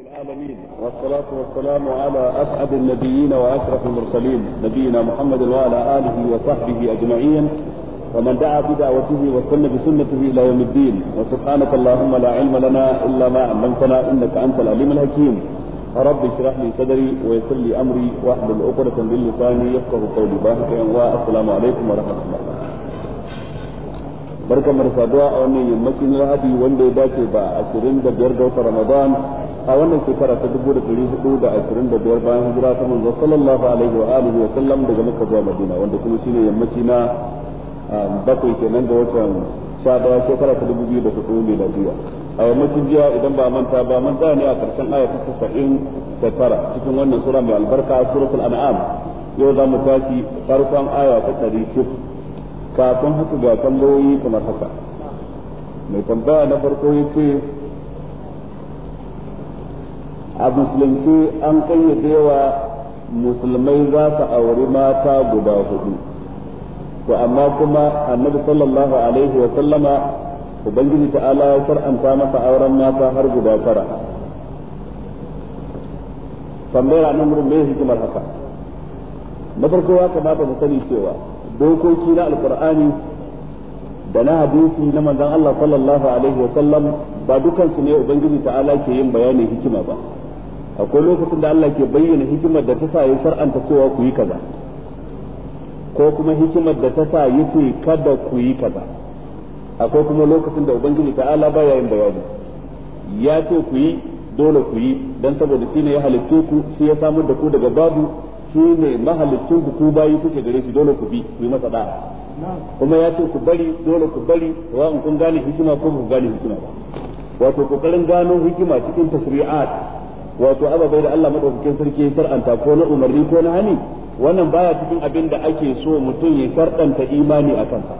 العالمين والصلاة والسلام على أسعد النبيين وأشرف المرسلين نبينا محمد وعلى آله وصحبه أجمعين ومن دعا بدعوته واستنى بسنته إلى يوم الدين وسبحانك اللهم لا علم لنا إلا ما علمتنا إنك أنت العليم الحكيم رب اشرح لي صدري ويسر لي أمري واحلل عقدة من لساني يفقه قولي باهك والسلام عليكم ورحمة الله barkan mu da saduwa a wannan yammacin lahadi wanda ya dace ba 25 ga watan ramadan a wannan shekara ta dubu da ɗari hudu da ashirin da biyar bayan hijira ta manzo sallallahu alaihi wa alihi wa sallam daga makka zuwa madina wanda kuma shine yammaci na ah, bakwai kenan da watan sha daya shekara ta dubu biyu da hudu lafiya a yammacin jiya idan ba manta ba man tsaya ne a karshen aya ta tasa'in da tara cikin wannan sura mai albarka suratul an'am yau za mu tashi farkon aya ta ɗari cif kafin haka ga tambayoyi kamar haka mai tambaya na farko ya ce a musulunci an kayyade wa musulmai za su auri mata guda hudu to amma kuma annabi sallallahu alaihi wa sallama ubangiji ta'ala ya far'anta masa auren mata har guda tara tambayar nan wurin me kuma haka na farko ya kamata mu sani cewa dokoki na alqur'ani da na hadisi na manzon Allah sallallahu alaihi wa sallam ba dukansu ne ubangiji ta'ala ke yin bayanin hikima ba akwai lokacin da Allah ke bayyana hikimar da ta sa ya shar'anta cewa ku yi kaza ko kuma hikimar da ta sa ya ce kada ku yi kaza akwai kuma lokacin da ubangiji ala baya yin bayani ya ce ku yi dole ku yi dan saboda shine ya halitte ku shi ya samar da ku daga babu shi ne mahalicin ku ku bayi kuke gare shi dole ku bi ku yi masa da'a kuma ya ce ku bari dole ku bari wa in kun gane hikima ko ku gane hikima ba wato kokarin gano hikima cikin tasri'at wato ababai da Allah madaukakin sarki ya shar'anta ko na umarni ko na hani wannan baya cikin abin da ake so mutum ya shar'anta imani a kansa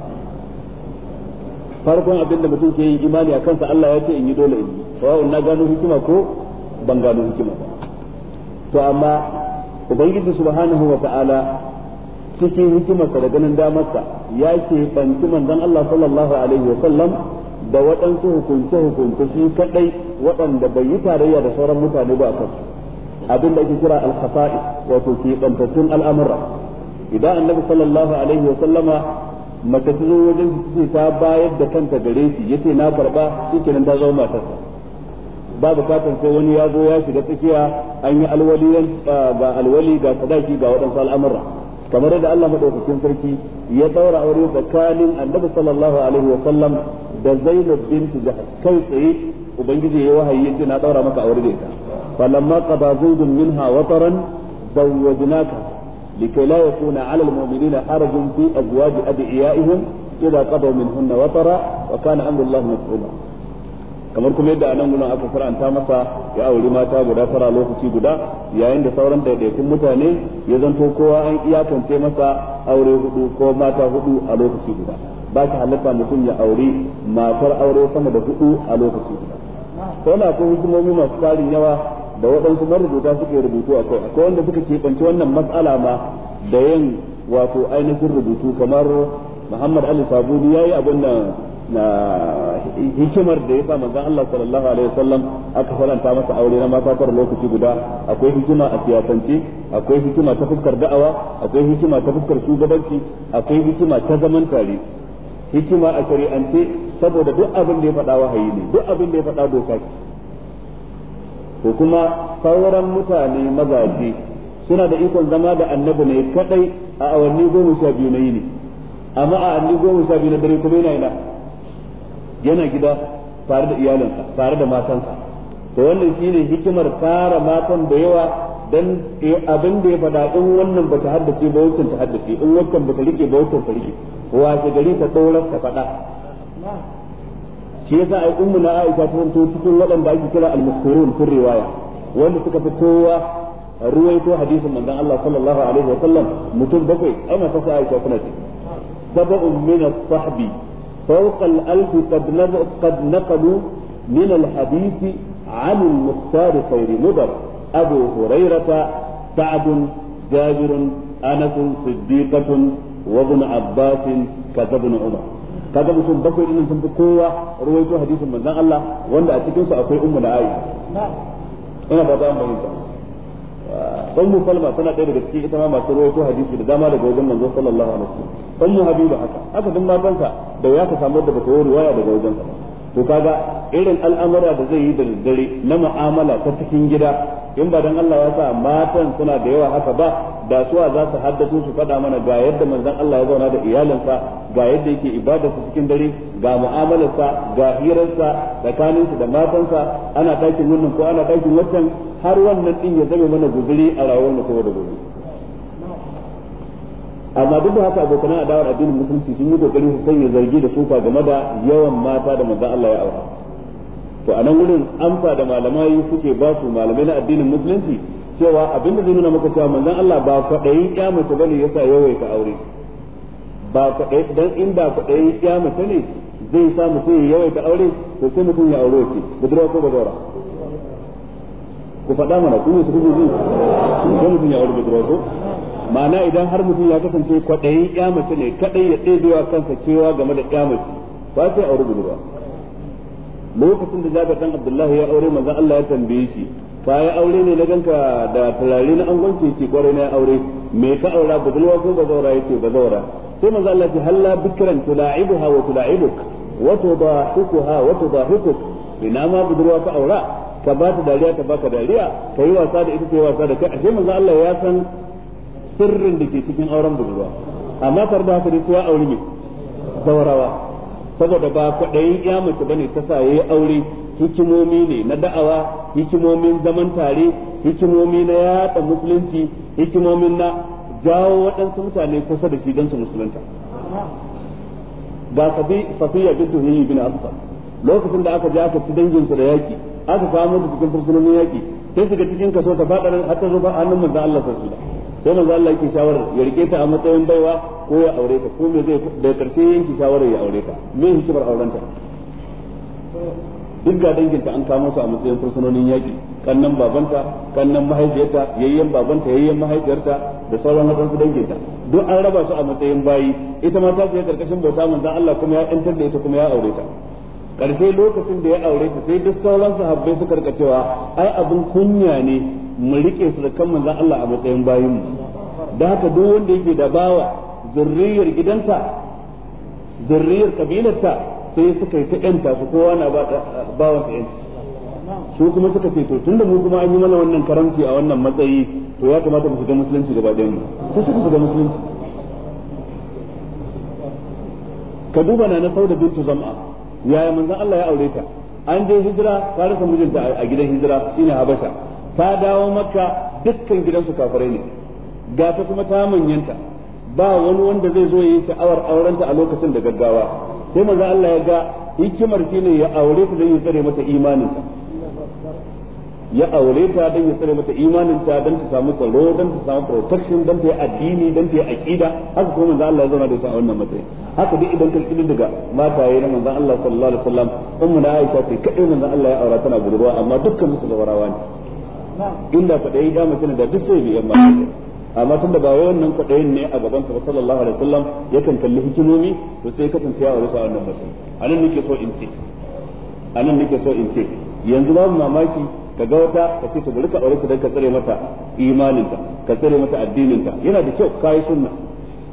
farkon abin da mutum ke yin imani a kansa Allah ya ce in yi dole in yi sawa'un na gano hikima ko ban gano hikima ba to amma ubangiji subhanahu wa ta'ala cikin hikimarsa da ganin damarsa ya ke banci manzon Allah sallallahu alaihi wa sallam da waɗansu hukunce hukunce shi kadai waɗanda bai yi tarayya da sauran mutane ba a kansu abin da ake kira al-khasa'i wato keɓantattun al'amura idan annabi sallallahu alaihi wa sallama mace ta zo wajen su ce ta bayar da kanta gare shi yace na karba shikenan ta zama matar ba bukatar sai wani ya zo ya shiga tsakiya an yi alwali ga alwali ga sadaki ga waɗansu al'amura kamar yadda Allah madaukakin sarki ya daura aure tsakanin annabi sallallahu alaihi wa sallam da Zainab bintu da kai tsaye ubangiji ya wahayi yace na daura maka aure da ita falamma qada zaidun minha wataran zawwajnaka likai la yakuna alal almu'minina harajun fi azwaji adiyaihim idza qadaw minhunna watara wa kana amru Allah mas'ula kamar kuma yadda anan gunan aka faranta masa ya auri mata guda tara lokaci guda yayin da sauran daidaitun mutane ya zanto kowa an iyakance masa aure hudu ko mata hudu a lokaci guda ba shi halatta mutum ya aure matar aure sama da hudu a lokaci guda sai na akwai hukumomi masu tarin yawa da waɗansu marubuta suke rubutu akwai akwai wanda suka keɓanci wannan matsala ma da yin wato ainihin rubutu kamar muhammad ali sabuni ya yi abin nan na hikimar da ya sa manzon Allah sallallahu alaihi wasallam aka faranta masa aure na mata kar lokaci guda akwai hikima a siyasance akwai hikima ta fuskar da'awa akwai hikima ta fuskar shugabanci akwai hikima ta zaman tare hikima a shari'ance saboda duk abin da ya faɗa wahayi ne duk abin da ya faɗa doka ce ko kuma sauran mutane mazaje suna da ikon zama da annabi ne kadai a awanni goma sha biyu na yini amma a awanni goma sha biyu na dare kuma yana yana yana gida tare da iyalinsa tare da matansa to wannan shine hikimar tara matan da yawa dan abin da ya faɗa in wannan bata haddace ba wancan ta haddace in wancan bata rike ba wancan ta rike washe gari ta tsoron ta faɗa shi yasa ai ummu na Aisha ta zanto cikin waɗanda ake kira al-mukhurun fi riwaya wanda suka fi kowa ruwaito hadisin manzon Allah sallallahu alaihi wa sallam mutum bakwai ai mata sa Aisha kuna ce sabu min as-sahbi فوق الألف قد قد نقلوا من الحديث عن المختار خير مضر أبو هريرة سعد جابر أنس صديقة wa ibn abbas kaza ibn kaga mutum bakwai din sun fi kowa ruwaito hadisin manzon Allah wanda a cikin su akwai ummu da aisha ina ba ta bayyana ummu salma tana ɗaya daga cikin ita ma masu rawaito hadisi da dama daga wajen manzo sallallahu alaihi wasallam ummu habiba haka haka duk matansa da ya ka samu da bata yi riwaya daga wajen sa to kaga irin al'amura da zai yi da daddare na mu'amala ta cikin gida in ba dan Allah ya sa matan suna da yawa haka ba da suwa za su haddace su faɗa mana ga yadda manzon Allah ya zauna da iyalinsa ga yadda yake su cikin dare ga mu'amalarsa ga hirarsa tsakaninsa da matansa ana ɗakin wannan ko ana ɗakin wannan har wannan din ya zame mana guzuri a rayuwar mu da gobe amma duk da haka abokan adawar addinin musulunci sun yi kokari su sanya zargi da sufa game da yawan mata da manzon Allah ya aura to anan wurin amsa da malamai suke ba su malamai na addinin musulunci cewa abin da zai nuna maka cewa manzon Allah ba kwaɗayin ya mace bane yasa ka aure ba kwaɗayi dan in ba kwaɗayin ya mace ne zai sa mutum ya ka aure to sai mutum ya aure ce budurwa ko bazawara ku faɗa mana ku ne su kuke ji ne mutum ya aure budurwa ko ma'ana idan har mutum ya kasance kwaɗayin ya mace ne kaɗai ya ɗebewa kansa cewa game da ya mace ba sai aure gudu ba lokacin da Jabir dan Abdullahi ya aure manzon Allah ya tambaye shi ka ya aure ne na ganka da turare na angonci yace kwarai na aure me ka aura budulwa ko bazaura yace zaura sai manzon Allah ya ce halla bikran tula'ibuha wa tula'ibuk wa tudahikuha wa tudahikuk ina ma budulwa ka aura ka ba ta dariya ka baka dariya ka yi wasa da ita ta wasa da kai ashe manzon Allah ya san sirrin da ke cikin auren budurwa amma tare da haka dai kowa aure ne zaurawa saboda ba kwaɗayin ya mace bane ta sa yayi aure hikimomi ne na da'awa hikimomin zaman tare hikimomi na yaɗa musulunci hikimomin na jawo waɗansu mutane kusa da shi don su musulunta ga safiya bintu hiyi bin lokacin da aka je aka ci danginsu da yaki aka kawo musu cikin fursunonin yaki sai shiga cikin kaso ta faɗa har ta zo ba hannun manzo Allah sallallahu alaihi wasallam sai manzo Allah yake shawarar ya rike ta a matsayin baiwa ko ya aure ta ko me zai da karshe yanki shawarar ya aure ta me hikimar auren ta duk ga danginta an kawo su a matsayin fursunonin yaki kannan babanta kannan mahaifiyarta yayyen babanta yayyen mahaifiyarta da sauran su danginta duk an raba su a matsayin bayi ita ma ta shiga karkashin bauta manzo Allah kuma ya yantar da ita kuma ya aure ta karshe lokacin da ya aure ta sai duk sauran sahabbai suka karkacewa ai abin kunya ne mu rike kan manzon Allah a matsayin bayinmu mu da haka duk wanda yake da bawa zurriyar gidanta zurriyar kabilarta sai suka yi ta yanta su kowa na bawa ta yanci su kuma suka ce to tunda mu kuma an yi mana wannan karamci a wannan matsayi to ya kamata mu shiga musulunci gaba ɗayan mu sai suka shiga musulunci ka duba na na sauda bintu zam'a yaya manzon Allah ya aure ta an je hijira ta rasa mijinta a gidan hijira shine habasha ta dawo maka dukkan gidansu kafirai ne ga ta kuma ta manyanta ba wani wanda zai zo yi sha'awar aurenta a lokacin da gaggawa sai maza Allah ya ga hikimar ne ya aure ta don ya tsare mata imaninta ya aure ta don ya tsare mata imaninta don ta samu tsaro don ta samu protection don ta yi addini don ta yi aqida haka kuma manzo Allah ya zauna da ita a wannan matsayin haka duk idan kan kidin daga mataye na manzo Allah sallallahu alaihi wasallam ummu na Aisha ce kadai manzo Allah ya aura tana budurwa amma dukkan musu warawa ne inda kwaɗayi ya mace da duk sai biyan mata amma tunda ba wai wannan kwaɗayin ne a gaban sa sallallahu alaihi wasallam yakan kalli hikimomi to sai kasance ya aure sa wannan mace anan nake so in ce anan nake so in ce yanzu babu mamaki ka ga wata ka ce ta bari ka aure ta dan ka tsare mata imaninta ka tsare mata addininta yana da kyau kai sunna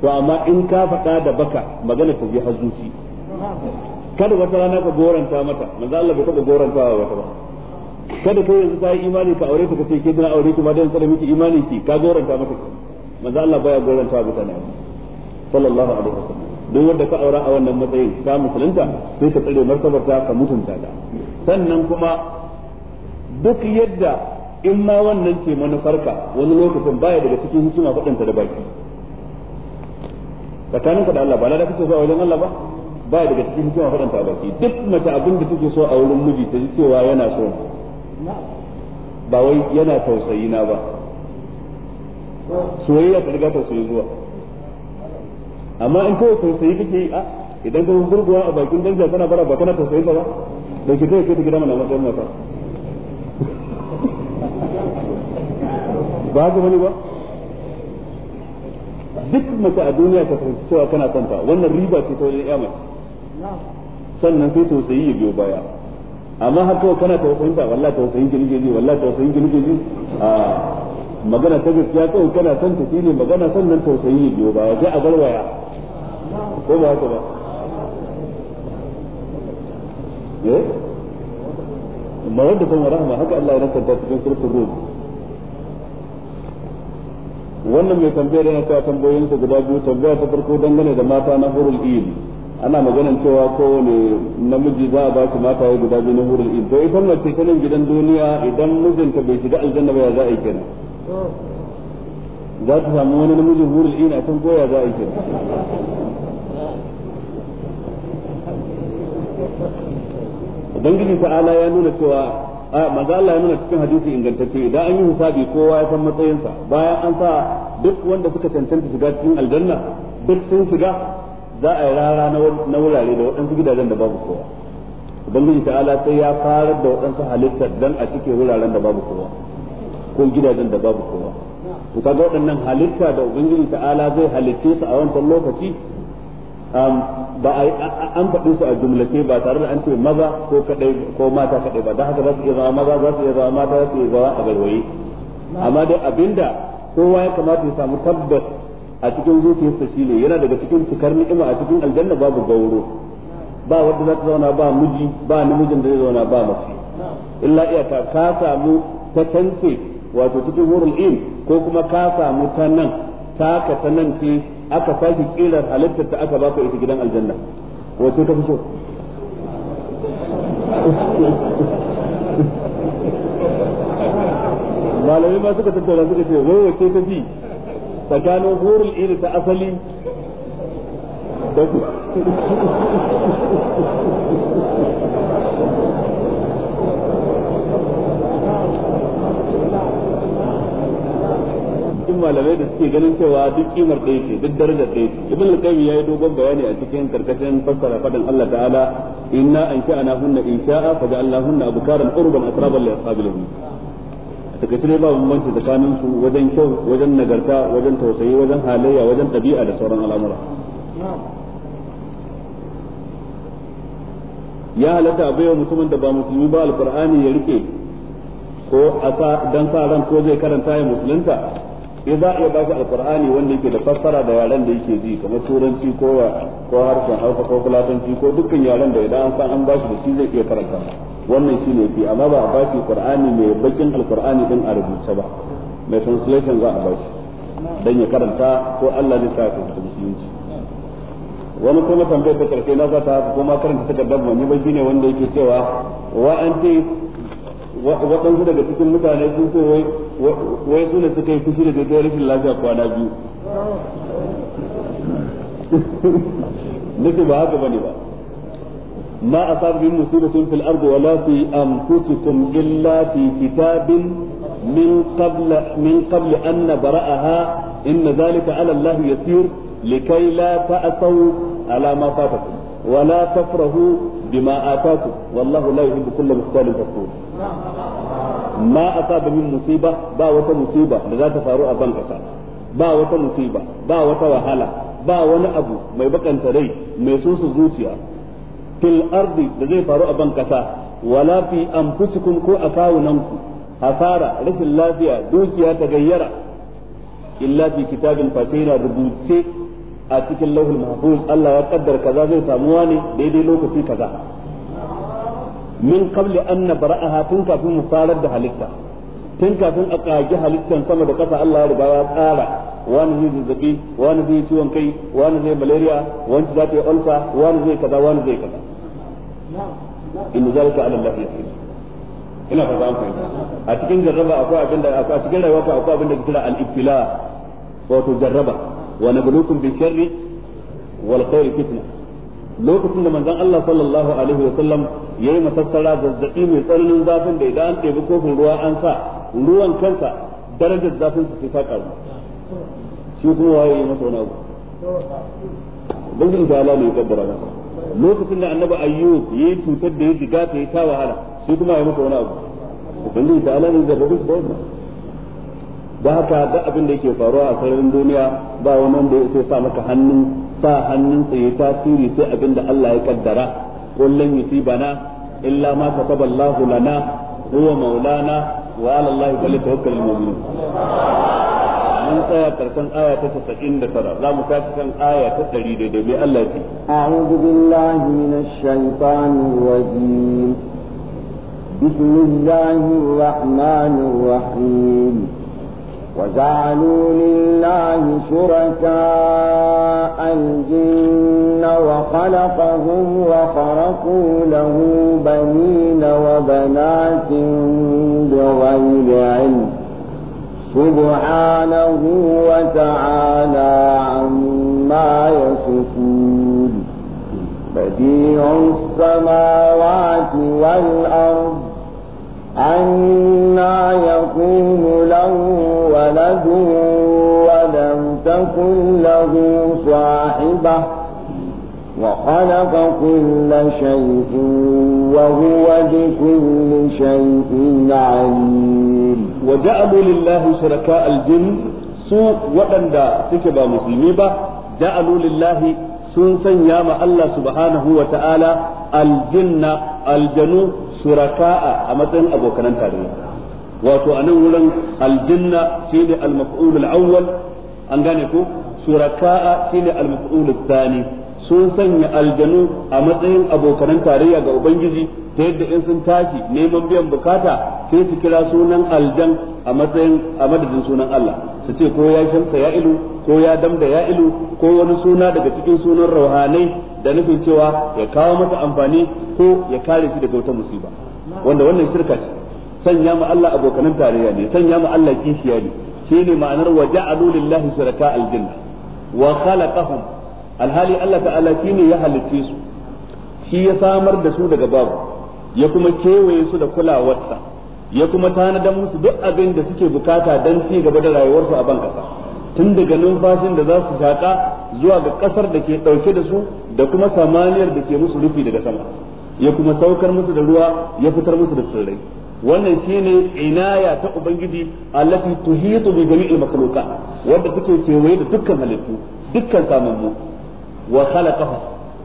to amma in ka faɗa da baka magana ta bi hazuci kada wata rana ka goranta mata manzo Allah bai taɓa gorantawa wata ba kada kai yanzu kai imani ka aure ka kace ke dana aure ki ma dan tsare miki imani ki ka goranta mata manzo Allah baya goranta mutane sallallahu alaihi wasallam duk wanda ka aura a wannan matsayin ka musulunta sai ka tsare martabarta ka mutunta ta sannan kuma duk yadda in ma wannan ce manufarka wani lokacin baya daga cikin hikima faɗinta da baki tsakaninka da Allah ba lada kace so a wajen Allah ba baya daga cikin hikima faɗinta da baki duk mace abin da take so a wurin miji ta ji cewa yana so ba wai yana tausayi na ba soyayya ta riga tausayi zuwa amma in kawai tausayi kake yi a idan ka gurguwa a bakin danja kana bara ba kana tausayi ba da ki kai ta gida mana matsayin mata ba ga wani ba duk mace a duniya ta fahimci cewa kana son ta wannan riba ce ta wajen iya mace sannan sai tausayi ya biyo baya amma har kawai kana tausayin ta wallahi tausayin girgije ne wallahi tausayin girgije a magana ta gaskiya kawai kana son ta shine magana sannan tausayi ya biyo ba sai a garwaya ko ba haka ba eh mawadda kuma rahama haka Allah ya nasanta cikin suratul rum wannan mai tambayar yana cewa tambayoyinsa guda biyu tambaya ta farko dangane da mata na hurul ilmi ana maganin cewa kowane namiji za a ba su mata ya guda biyu na hurul in to ita mace ta nan gidan duniya idan mijinta bai shiga aljanna ba ya za a yi kenan za ta samu wani namiji hurul in a can goya za a yi kenan ta ala ya nuna cewa a maza Allah ya nuna cikin hadisi ingantacce idan an yi hisabi kowa ya san matsayinsa bayan an sa duk wanda suka cancanta shiga cikin aljanna duk sun shiga za a yi rara na wurare da waɗansu gidajen da babu kowa ubangiji ta'ala sai ya fara da waɗansu halitta dan a cike wuraren da babu kowa ko gidajen da babu kowa to kaga waɗannan halitta da ubangiji ta'ala zai halitte su a wancan lokaci ba a an faɗi su a jumlace ba tare da an ce maza ko kadai ko mata kadai ba don haka za su iya zama maza za su iya zama mata za su iya zama a garwaye amma dai abinda kowa ya kamata ya samu tabbas a cikin zuciyarsa ne yana daga cikin cikar ni'ima a cikin aljanna babu gauro ba wanda za ta zauna ba miji ba namijin da zai zauna ba mace illa iyaka ka samu ta tance wato cikin wurin in ko kuma ka samu ta nan ta ka ta nan ce aka sake kilar halittar ta aka baka ita gidan aljanna wato ta fi so malamai ma suka tattauna suka ce wai wace ta fi tsakanin hurul iri ta asali cikin malamai da suke ganin cewa duk kimar ɗaya ce duk darajar ɗaya ce ibn al-qayyim yayi dogon bayani a cikin karkashin fassara fadin Allah ta'ala inna ansha'na hunna insha'a fa ja'alna hunna abkaran urban asraban li ashabil daga shi ba bambanci tsakanin su wajen kyau wajen nagarta wajen tausayi wajen halayya wajen ɗabi'a da sauran al'amura ya halatta a baiwa mutumin da ba musulmi ba alkur'ani ya rike ko a dan sa ran ko zai karanta ya musulunta ya za a iya ba shi alkur'ani wanda yake da fassara da yaren da yake ji kamar turanci ko ko harshen hausa ko fulatanci ko dukkan yaren da idan an san an ba shi da shi zai iya karanta wannan shi ne fi amma ba a ba shi qur'ani mai bakin alkur'ani din a rubuce ba mai translation za a ba shi dan ya karanta ko Allah zai sa ka fita musulunci wani kuma tambayar ta karshe na zata ko ma karanta ta ban wani ba ne wanda yake cewa wa an waɗansu daga cikin mutane sun ce wai wai su suka yi kusuri da gairar rashin lafiya kwana biyu nake ba haka bane ba ma a min musibatin fil ardi wa la fi anfusikum illa fi kitabin min qabla min qabla an nabra'aha inna zalika 'ala allahi yasir likay la ta'saw 'ala ma fatakum wa la tafrahu bima atakum wallahu la yuhibbu kulla mukhtalin fakhur ma asaba min musiba ba wata musiba da za faru a ban kasa ba wata musiba ba wata wahala ba wani abu mai baƙanta rai mai sosu zuciya filardi da zai faru a ban kasa wala fi anfusikum ko a kawunanku hasara rashin lafiya dukiya ta gayyara illa fi kitabin fatira rubuce a cikin lauhul mahfuz Allah ya kaddar kaza zai samuwa ne daidai lokaci kaza min qabli an nabra'aha tun kafin mu farar da halitta tun kafin a kage halittan sama da kasa Allah ya riga ya tsara wani zai zazzabi wani zai ciwon kai wani zai malaria wani za ta yi ulsa wani zai kaza wani zai kaza in zalika ala Allah yasir ina fata an fahimta a cikin jarraba akwai abin da a cikin rayuwa ko akwai abin da kira al-ibtila wato jarraba wa nabluukum bi sharri wal khairi fitna lokacin da manzon Allah sallallahu alaihi wa sallam yi masassara zazzabi mai tsananin zafin da idan an ɗebi kofin ruwa an sa ruwan kansa darajar zafin su sai ta karu shi kuma waye yi masa wani abu ubangiji jala ne ya kaddara masa lokacin da annabi ayyub yi cutar da ya diga ta ya ta wahala shi kuma ya masa wani abu ubangiji jala ne ya zarrabe su da wannan da haka ga abin da yake faruwa a sararin duniya ba wani wanda ya sa maka hannu sa hannun sa ya tasiri sai abin da Allah ya kaddara qul lan yusibana illa ma kataba Allah lana huwa maulana wa ala Allah falyatawakkalul mu'minun mun tsaya karshen aya ta 99 za mu tashi kan aya ta 100 daidai mai Allah بسم الله الرحمن الرحيم وجعلوا لله شركاء الجن وخلقهم وخرقوا له بنين وبنات بغير علم سبحانه وتعالى عما يصفون بديع السماوات والأرض أنا يكون له ولد ولم تكن له صاحبة وخلق كل شيء وهو بكل شيء عليم وجعلوا لله شركاء الجن سوء وأندى سكبا مسلميبا جعلوا لله sun sanya ma Allah subhanahu wa ta'ala aljinna aljanu shuraka'a a matsayin abokan tarayya wato anan wurin aljanna shine al-maf'ul al-awwal an gane ko shuraka'a shine al-maf'ul al-thani sun sanya aljanu a matsayin abokanan tarayya ga ubangiji ta yadda in sun tashi neman biyan bukata sai su kira sunan aljan a matsayin a madadin sunan Allah su ce ko ya shamsa ya ilu ko ya damda ya ilu ko wani suna daga cikin sunan rauhanai da nufin cewa ya kawo masa amfani ko ya kare shi daga wata musiba wanda wannan shirka ce sanya ma Allah abokanan tarayya ne sanya ma Allah kishiya ne shine ma'anar wa ja'alu lillahi shuraka aljanna wa khalaqahum alhali Allah ta'ala shine ya halicce su shi ya samar da su daga babu ya kuma kewaye su da kulawarsa ya kuma tanadar musu duk abin da suke bukata don ci gaba da rayuwarsu a ban kasa tun daga numfashin da za su shaƙa zuwa ga kasar da ke dauke da su da kuma samaniyar da ke musu rufi daga sama ya kuma saukar musu da ruwa ya fitar musu da tsirrai wannan shine inaya ta ubangiji allati tuhitu bi jami'il makhluqat wanda take kewaye da dukkan halittu dukkan samanmu wa khalaqahu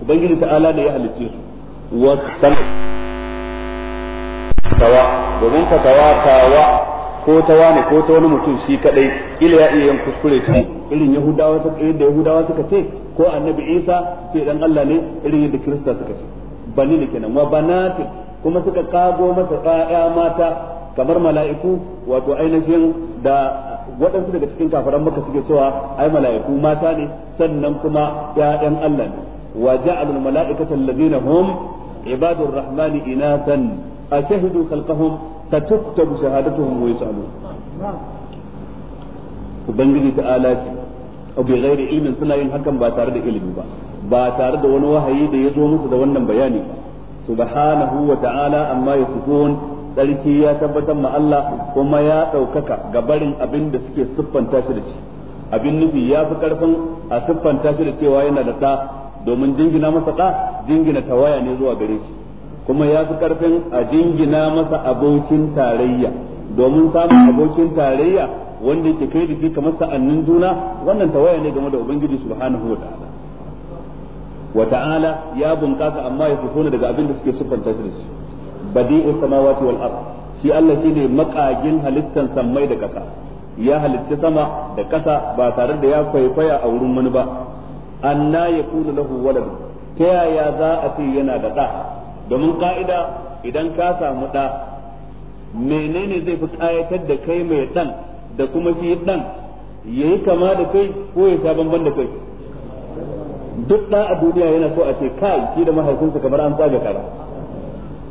ubangiji ta'ala da ya halicce su wa sama domin ka fatawa tawa ko ta wane ko ta wani mutum shi kadai ila ya iya yin kuskure shi irin yahudawa suka yadda yahudawa suka ce ko annabi isa ce dan Allah ne irin yadda kirista suka ce bani ne kenan wa banati kuma suka kago masa ƙaya mata kamar mala'iku wato ainihin da waɗansu daga cikin kafaran maka suke cewa ai mala'iku mata ne sannan kuma ƴaƴan Allah ne wa ja'alul mala'ikata alladhina hum ibadur rahmani inatan ashhadu khalqahum فتكتب شهادتهم ويسألون ubangiji ta alaci bi ghairi ilmin suna yin hakan ba tare da ilimi ba ba tare da wani wahayi da ya zo musu da wannan bayani ba subhanahu wa ta'ala amma yasifun tsarki ya tabbatar ma Allah kuma ya ɗaukaka ga barin abin da suke siffanta shi da shi abin nufi ya fi karfin a siffanta shi da cewa yana da ta domin jingina masa ɗa jingina tawaya ne zuwa gare shi kuma ya fi karfin a jingina masa abokin tarayya domin samun abokin tarayya wanda yake kai da shi kamar sa'annin juna wannan tawaya ne game da ubangiji subhanahu wa ta'ala wa ta'ala ya bunkasa amma ya fito daga abin da suke siffanta shi da shi badi'u samawati wal ard shi Allah shine makagin halittan sammai da kasa ya halitta sama da kasa ba tare da ya kwaikwaya a wurin wani ba anna yakunu lahu walad ta yaya za a ce yana da da domin ka'ida idan ka samu ɗa menene zai fi ƙayatar da kai mai ɗan da kuma shi ɗan ya yi kama da kai ko ya sha bamban da kai duk ɗa a duniya yana so a ce kai shi da mahaifinsa kamar an tsaga kara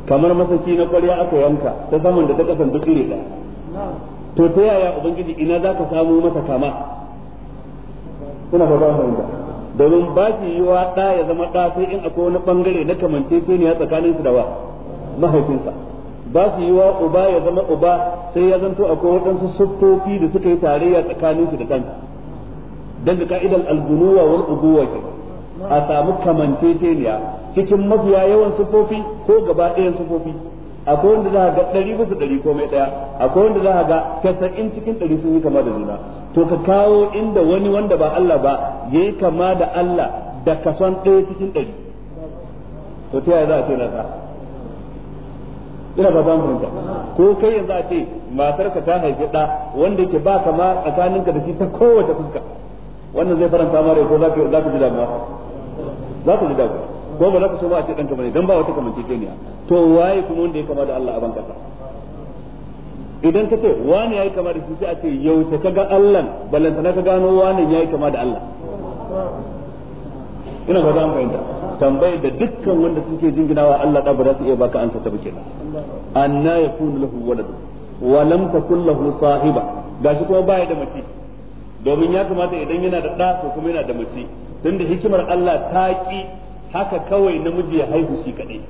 kamar masaki na ƙwarya aka yanka ta saman da ta kasan duk iri ɗaya to ta yaya ubangiji ina za ka samu masa kama ina ba ba domin ba shi wa ɗa ya zama ɗa sai in akwai wani bangare na kamanceceniya tsakaninsu da wa mahaifinsa ba su yi wa uba ya zama uba sai ya zanto akwai waɗansu siffofi da suka yi tarayya tsakanin su da kansa don da ka'idar algunuwa wal uguwa ke a samu kamanceceniya cikin mafiya yawan siffofi ko gaba ɗayan siffofi akwai wanda za a ga ɗari bisa ɗari komai ɗaya akwai wanda za a ga in cikin ɗari sun yi kama da juna to ka kawo inda wani wanda ba Allah ba ya yi kama da Allah da kason ɗaya cikin ɗari to ta yaya za a ce nasa ina ba mu fahimta ko kai yanzu a ce ka ta haifi ɗa wanda ke ba kama tsakaninka da shi ta kowace fuska wannan zai faranta mara ko za ka ji damuwa za ka ji damuwa ko ba za ka so ba a ce kamar bane dan ba wata kamanceceniya to waye kuma wanda ya kama da Allah a ban kasa idan ka ce wani yayi kama da shi sai a ce yaushe ka ga Allah balantana ka gano wani yayi kama da Allah ina ba za mu fahimta tambayar da dukkan wanda suke jinginawa Allah da ba za su iya baka ansa ta bake anna yakunu lahu walad wa lam takul lahu sahiba gashi kuma baya da mace domin ya kamata idan yana da ɗa to kuma yana da mace tunda hikimar Allah ta ki haka kawai namiji ya haihu shi kadai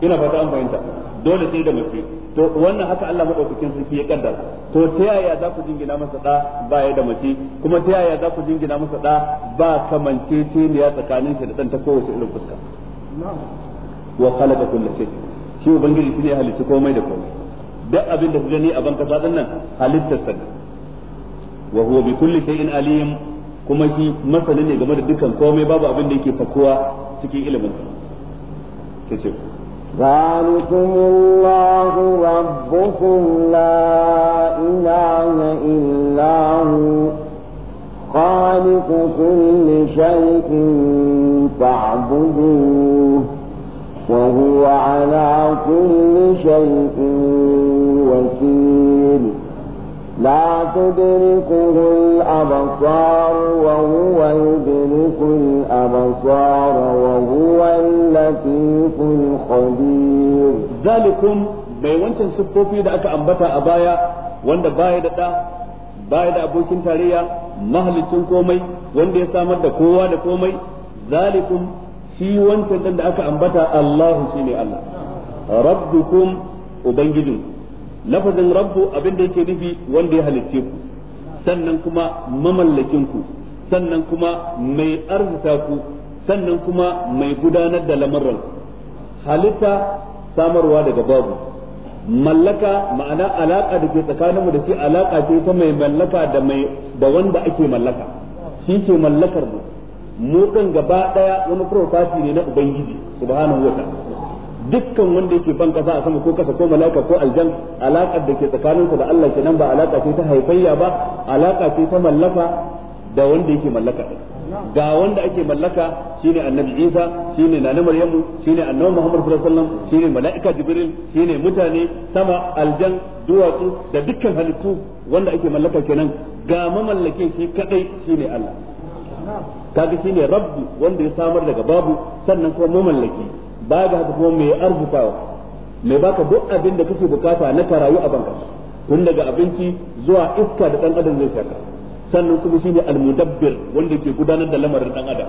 ina fata an fahimta dole sai da mace to wannan haka Allah madaukakin sarki ya kaddara to ta yaya za ku jingina masa da ba ya da mace kuma ta yaya za ku jingina masa da ba ya tsakanin shi da dan ta kowace irin fuska wa khalaqa kulli shay shi ubangiji shi ne halitta komai da komai duk abin da ku gani a banka sadan nan halittar sa wa huwa bi kulli shay'in alim kuma shi masani ne game da dukkan komai babu abin da yake fakuwa cikin ilimin sa kace ذلكم الله ربكم لا إله إلا هو خالق كل شيء فاعبدوه وهو على كل شيء وكيل لا تدركه الأبصار وهو يدرك الأبصار وهو اللطيف الخبير ذلكم mai wancan siffofi da aka ambata a baya wanda baya da ɗa baya da abokin tarayya mahalicin komai wanda ya samar da kowa da komai zalikum shi wancan ɗan da aka ambata Allahu shine Allah rabbukum ubangijinku lafazin rabbu abin da yake nufi wanda ya halicce ku sannan kuma mamallakin ku sannan kuma mai arzuta ku sannan kuma mai gudanar da lamarin halitta samarwa daga babu mallaka ma'ana alaka da ke tsakaninmu da shi alaka ce ta mai mallaka da mai da wanda ake mallaka shi ke mallakar mu mu gaba daya wani profati ne na ubangiji subhanahu wa ta'ala dukkan wanda yake ban kasa a sama ko kasa ko malaka ko aljan alakar da ke tsakaninsa da Allah kenan ba alaƙa ce ta haifayya ba alaƙa ce ta mallaka da wanda yake mallaka ga wanda ake mallaka shine annabi Isa shine nana Maryamu shine annabi Muhammad sallallahu alaihi wasallam shine malaika Jibril shine mutane sama aljan duwatsu da dukkan halittu wanda ake mallaka kenan ga mamallakin shi kadai shine Allah kaga shine rabbu wanda ya samar daga babu sannan kuma mamallaki ba ga haka kuma mai arzikawa mai baka duk abin da kake bukata na karayu a banka tun daga abinci zuwa iska da dan adam zai shaka sannan kuma shine almudabbir wanda ke gudanar da lamarin dan adam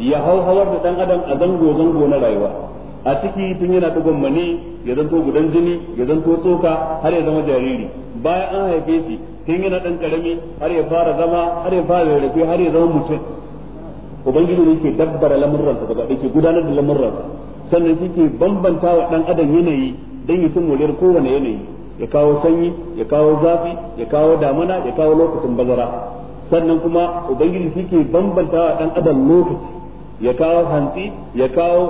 ya hauhawar da dan adam a zango zango na rayuwa a ciki tun yana dugon mani ya zanto gudan jini ya zanto tsoka har ya zama jariri bayan an haife shi tun yana dan karami har ya fara zama har ya fara rarrafe har ya zama mutum ubangiji ne ke dabbara lamurransa gaba ɗaya ke gudanar da lamurransa sannan shi ke bambanta wa dan adam yanayi dan yi tun kowane yanayi ya kawo sanyi ya kawo zafi ya kawo damana ya kawo lokacin bazara sannan kuma ubangiji suke ke bambanta wa dan adam lokaci ya kawo hantsi ya kawo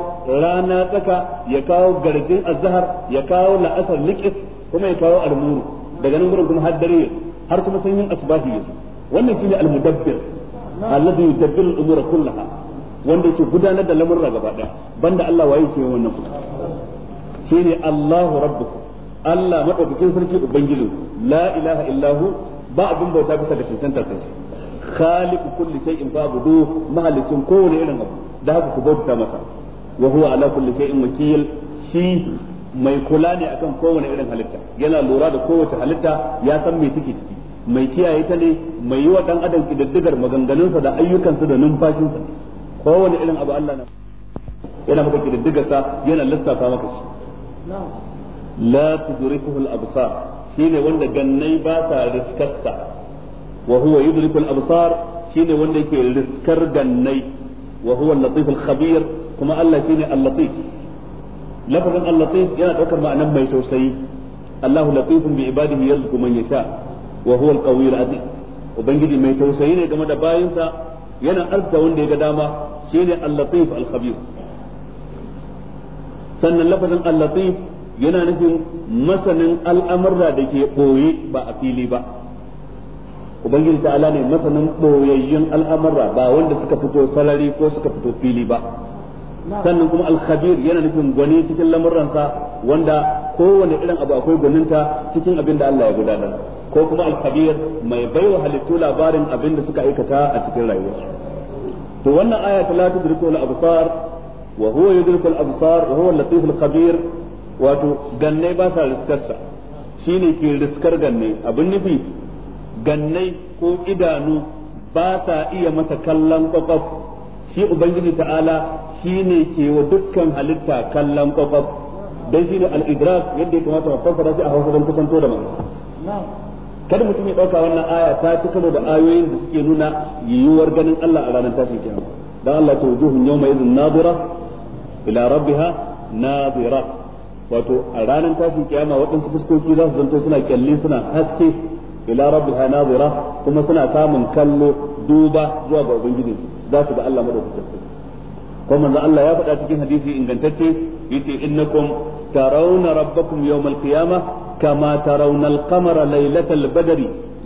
rana tsaka ya kawo garjin azhar ya kawo la'asar liqis kuma ya kawo almuru daga nan gurin kuma har dare har kuma sanyin asbahi yanzu wannan shine almudabbir alladhi yudabbiru al-umura kullaha wanda yake gudanar da lamurra gaba daya banda Allah waye yake wannan kuma shine Allahu rabbukum Allah madaukakin sarki ubangijin la ilaha illahu ba abin bauta bisa da cancanta sai khaliqu kulli shay'in fa'budu mahalicin kowane irin abu da haka ku bauta masa wa huwa ala kulli shay'in wakil shi mai kula ne akan kowane irin halitta yana lura da kowace halitta ya san me take ciki mai kiyaye ta ne mai yi wa dan adam kididdigar maganganunsa da ayyukansa da numfashinsa kowane irin abu Allah na yana maka kididdigarsa yana lissafa maka shi la tudrikuhu al-absar shine wanda gannai ba ta riskarsa wa huwa yudriku al-absar shine wanda yake riskar gannai wa huwa al-latif al-khabir kuma Allah shine al-latif lafazin al-latif yana daukar ma'anar mai tausayi Allahu latifun bi ibadihi yarzuqu man yasha wa huwa al-qawiyyu al-azim ubangiji mai tausayi ne game da bayinsa yana arza wanda ya ga dama shine al-latif al-khabir sannan lafazin al-latif yana nufin masanin al'amurra da ke boye ba a fili ba ubangiji ta'ala ne masanin boyayyun al'amurra ba wanda suka fito salari ko suka fito fili ba sannan kuma al-khabir yana nufin gwani cikin lamuransa wanda kowane irin abu akwai gwaninta cikin abin da Allah ya gudanar ko kuma al-khabir mai baiwa halittu labarin abin da suka aikata a cikin rayuwarsu to wannan aya ta la tudriku al absar wa huwa yudriku al absar wa huwa al latif al khabir wato ganne ba sa riskar sa shine ke riskar ganne abin nufi ganne ko idanu ba sa iya masa kallon kwakwaf shi ubangiji ta'ala shine ke wa dukkan halitta kallon kwakwaf dan shine al idrak yadda ya kamata mu fassara shi a Hausa don kusanto da mu kada mutum ya ɗauka wannan aya ta ci kama da ayoyin da suke nuna yiwuwar ganin Allah a ranar tashin kiyama dan Allah ta wujuhun yawma idhin nadira ila rabbiha nadira wato a ranar tashin kiyama waɗansu fuskoki za su zanto suna kyalle suna haske ila rabbiha nadira kuma suna samun kallo duba zuwa ga ubangiji za su ga Allah madaukakin kuma manzo Allah ya faɗa cikin hadisi ingantacce yace innakum tarawna rabbakum yawmal qiyamah كما ترون القمر ليلة البدر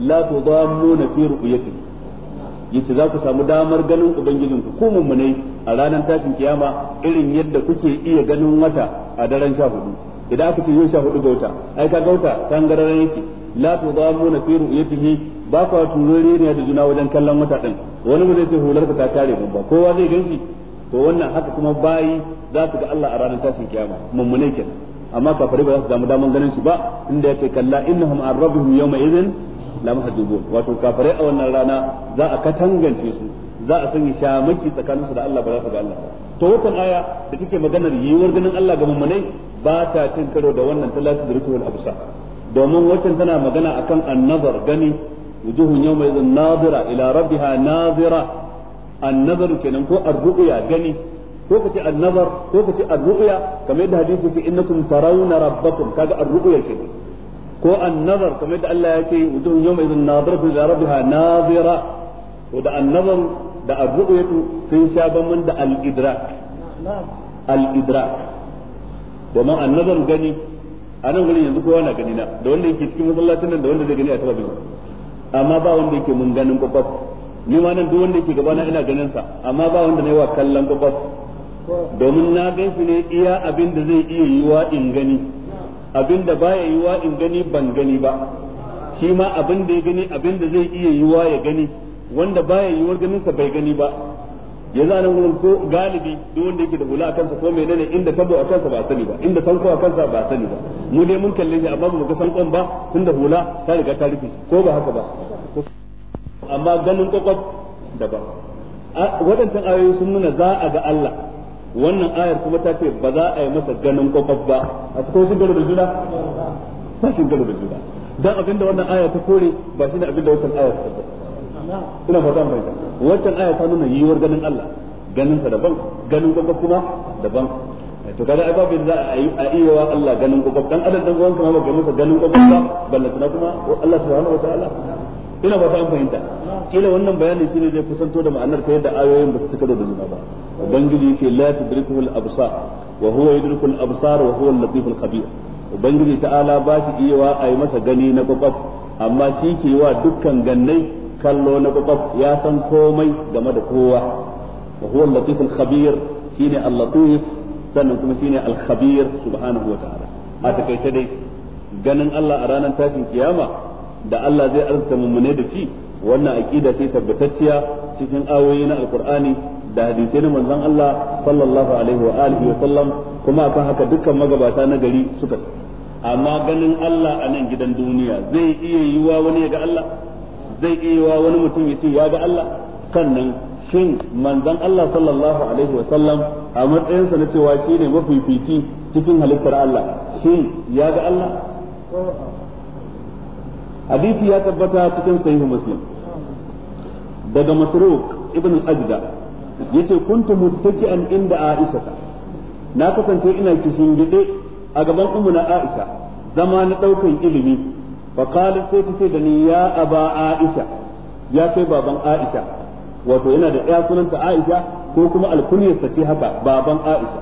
لا تضامون في رؤيته yace za ku samu damar ganin ubangijin ku mummunai a ranar tashin kiyama irin yadda kuke iya ganin wata a daren sha hudu idan aka ce yau sha hudu ga wata ai ka gauta tangararen yake la tudamuna fi ru'yatihi ba ka turore ne da juna wajen kallon wata din wani mu zai ce hular ka ta tare mun ba kowa zai ganshi to wannan haka kuma bayi za su ga Allah a ranar tashin kiyama mummunai kenan amma kafare ba za su damu daman ganin shi ba inda yake kalla innahum an rabbihim yawma idhin la mahjubun wato kafare a wannan rana za a katangance su za a sanya shamaki su da Allah ba za su ga Allah to wannan aya da take maganar yiwuwar ganin Allah ga mummunai ba ta cin karo da wannan talatu da rukuhul absa domin wancan tana magana akan annazar gani wujuhun yawma idhin nadira ila rabbiha nadira annazar kenan ko arruya gani ko ka ce annabar ko ka ce arru'ya kamar yadda hadisi ce innakum tarawna rabbakum kaga arru'ya ke ko annabar kamar yadda Allah ya ce wujuhun yawma idhin nadiratu ila rabbiha nadira to da annabar da arru'yatu sun sha bamban da al-idrak al-idrak domin annabar gani a nan gurin yanzu kowa na gani na da wanda yake cikin masallacin nan da wanda zai gani a taba talabijin amma ba wanda yake mun ganin kwakwaf ni ma nan duk wanda yake gabana ina ganin sa amma ba wanda na yi wa kallon kwakwaf domin na gan shi ne iya abin da zai iya yiwa in gani abin da baya yiwa in gani ban gani ba shi ma abin da ya gani abin da zai iya yiwa ya gani wanda baya wa ganin sa bai gani ba ya zana wurin ko galibi duk wanda yake da hula a kansa ko menene inda tabo a kansa ba sani ba inda sanko a kansa ba sani ba mu dai mun kalle shi amma ba mu ga sankon ba tun da hula ta riga ta rufe ko ba haka ba amma ganin kokof daban waɗancan ayoyi sun nuna za a ga Allah wannan ayar kuma ta ce ba za a yi masa ganin kwakwaf ba a cikin sun gano da juna ba shi gano da juna dan abinda wannan aya ta kore ba shi shine abinda wannan ayar ta kore ina fata mai ta wannan aya ta nuna yiwuwar ganin Allah ganin sa daban ganin kwakwaf kuma daban to kada ai babin za a yi a iya wa Allah ganin kwakwaf dan adam dan uwan kuma ba ga masa ganin kwakwaf ba ballantana kuma Allah subhanahu wataala ina ba ta fahimta kila wannan bayani shine zai kusanto da ma'anar ta yadda ayoyin ba su cika da juna ba ubangiji yake la tudrikuhu al-absar wa huwa yudriku al-absar wa huwa al-latif al-khabir ubangiji ta'ala ba shi iyawa ai masa gani na kwakwaf amma shi ke wa dukkan gannai kallo na kwakwaf ya san komai game da kowa wa huwa al-latif al-khabir shine al-latif sannan kuma shine al-khabir subhanahu wa ta'ala a takaice dai ganin Allah a ranar tashin kiyama da Allah zai arzuta mummune da shi wannan aqida ce tabbatacciya cikin ayoyi na alqur'ani da hadisai na manzon Allah sallallahu alaihi wa alihi wa sallam kuma akan haka dukkan magabata na gari suka amma ganin Allah a nan gidan duniya zai iya yiwa wani ya ga Allah zai iya yiwa wani mutum ya ce ya ga Allah sannan shin manzon Allah sallallahu alaihi wa sallam a matsayinsa na cewa ne mafifici cikin halittar Allah shin ya ga Allah hadisi ya tabbata cikin sahihu muslim daga masruq ibn al-ajda yace kuntu muttaki'an inda Aisha na kasance ina kishin gide a gaban na Aisha zama na daukan ilimi fa qala sai ta ce da ni ya aba Aisha ya kai baban Aisha wato yana da ya sunanta Aisha ko kuma ta ce haka baban Aisha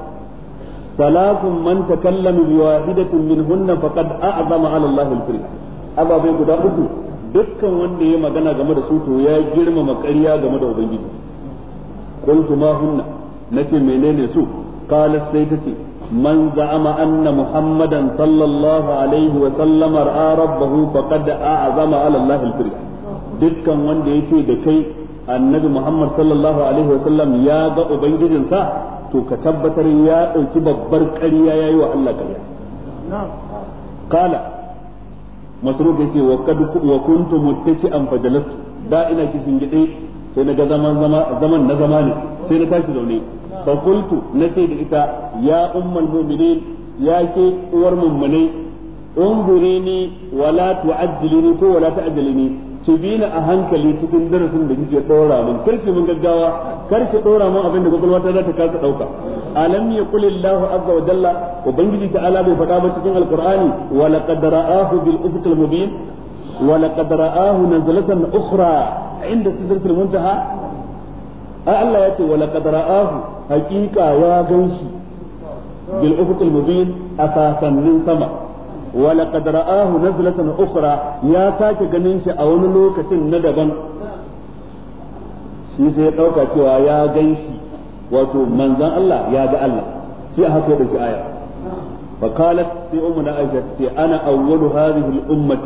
salatun man takallama bi wahidatin minhunna faqad a'zama 'ala Allah al-firqa ababai guda uku dukkan wanda ya magana game da su to ya girmama ƙarya game da ubangiji qultu ma hunna nace menene su qalat sai tace man za'ama anna muhammadan sallallahu alaihi wa sallam ra'a rabbahu faqad a'zama ala allah al dukkan wanda yake da kai annabi muhammad sallallahu alaihi wa sallam ya ga ubangijinsa to ka tabbatar ya ɗauki babbar ƙarya yayi wa Allah ƙarya qala masruq yace wa qad wa kuntu muttaki'an fajalastu da ina kishin gide sai na ga zaman zaman na zama ne sai na tashi zaune fa qultu na ce da ita ya ummul mu'minin ya ke uwar mummunai unzurini wala tu'ajjilini ko wala ta'ajjilini ki bi a hankali cikin darasin da kike dora min karki mun gaggawa karki dora min abin da gaggawa ta za ta kasa dauka alam yaqul Allahu azza wa jalla ubangiji ta'ala bai faɗa ba cikin alqur'ani wa laqad ra'ahu bil ufqil mubin wa laqad ra'ahu nazlatan ukhra inda sidratul muntaha ai Allah ya ce wa laqad ra'ahu haqiqa ya ganshi bil ufuqil mubin asasannin sama wa laqad ra'ahu nazlatan ukhra ya sake ganin shi a wani lokacin na daban shi sai ya dauka cewa ya ganshi wato manzon Allah ya ga Allah sai a haka ya dauki aya فقالت في أمنا عائشة أنا أول هذه الأمة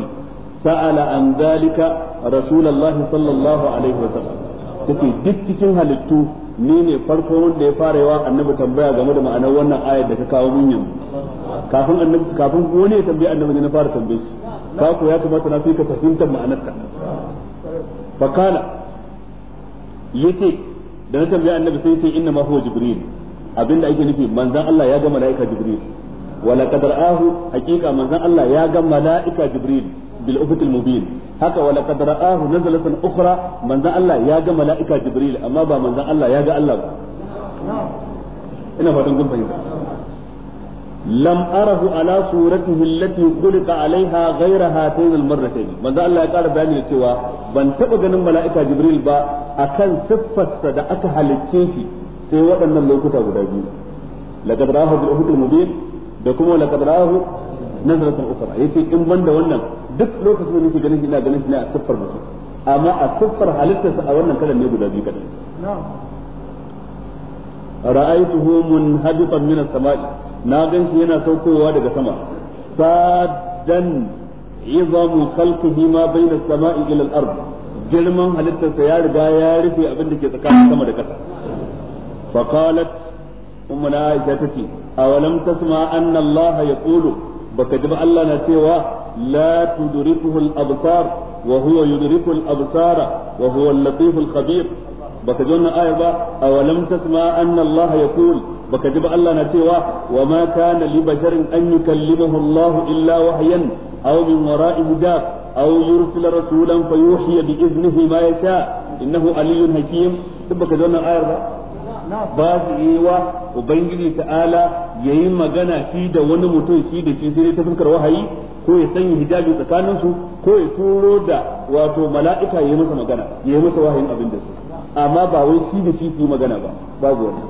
sa'ala an zalika rasulullahi sallallahu alaihi wasallam take duk cikin halittu ni ne farko wanda ya fara yawa annabi tambaya game da ma'anar wannan ayar da ka kawo mun yanzu kafin kafin wani ya tambaye annabi na fara tambaye shi ka ya kamata na fi ka ma'anarta fa kana da na tambaya annabi sai yace inna ma huwa jibril abinda ake nufi manzon Allah ya gama la'ika jibril wala qadar ahu hakika manzon Allah ya ga la'ika jibril bil ufuq al mubin haka wala qad ra'ahu nazalatan ukhra manzon Allah ya ga malaika jibril amma ba manzon Allah ya ga Allah ina fatan kun fahimta lam arahu ala suratihi allati khuliqa alaiha ghayra hatayn al marratayn manzon Allah ya kara bayani da cewa ban taɓa ganin malaika jibril ba akan siffarsa da aka halicce shi sai waɗannan lokuta guda biyu da kuma na ukra yace in banda wannan duk lokacin da nake ganin shi ina ganin shi ne a siffar mutum amma a siffar halittarsa a wannan kalan ne guda biyu kadai ra'aytuhu munhabitan min as-sama'i na gan shi yana saukowa daga sama sadan izamu khalqihi ma bayna as-sama'i ila al-ard girman halittarsa ya riga ya rufe abin da ke tsakanin sama da ƙasa fa qalat ummuna aisha tace awalam tasma anna allaha yaqulu baka ji ba Allah na cewa la tudrikuhu absar wa huwa yudriku absara wa huwa al-latif khabir baka ji wannan aya ba awalam tasma anna Allah yaqul baka ji ba Allah na cewa wa ma kana li basharin an yukallimahu Allah illa wahyan aw min wara'i hijab aw yursila rasulan fayuhiya bi idnihi ma yasha innahu aliyyun hakim duk baka ji wannan ayar ba ba su yi wa ubangiji ta'ala yayi magana shi da wani mutum shi da shi sai ta fuskar wahayi ko ya sanya hijabi tsakanin su ko ya turo da wato mala'ika yayi masa magana yayi masa wahayin abin da su amma ba wai shi da shi su yi magana ba babu wani.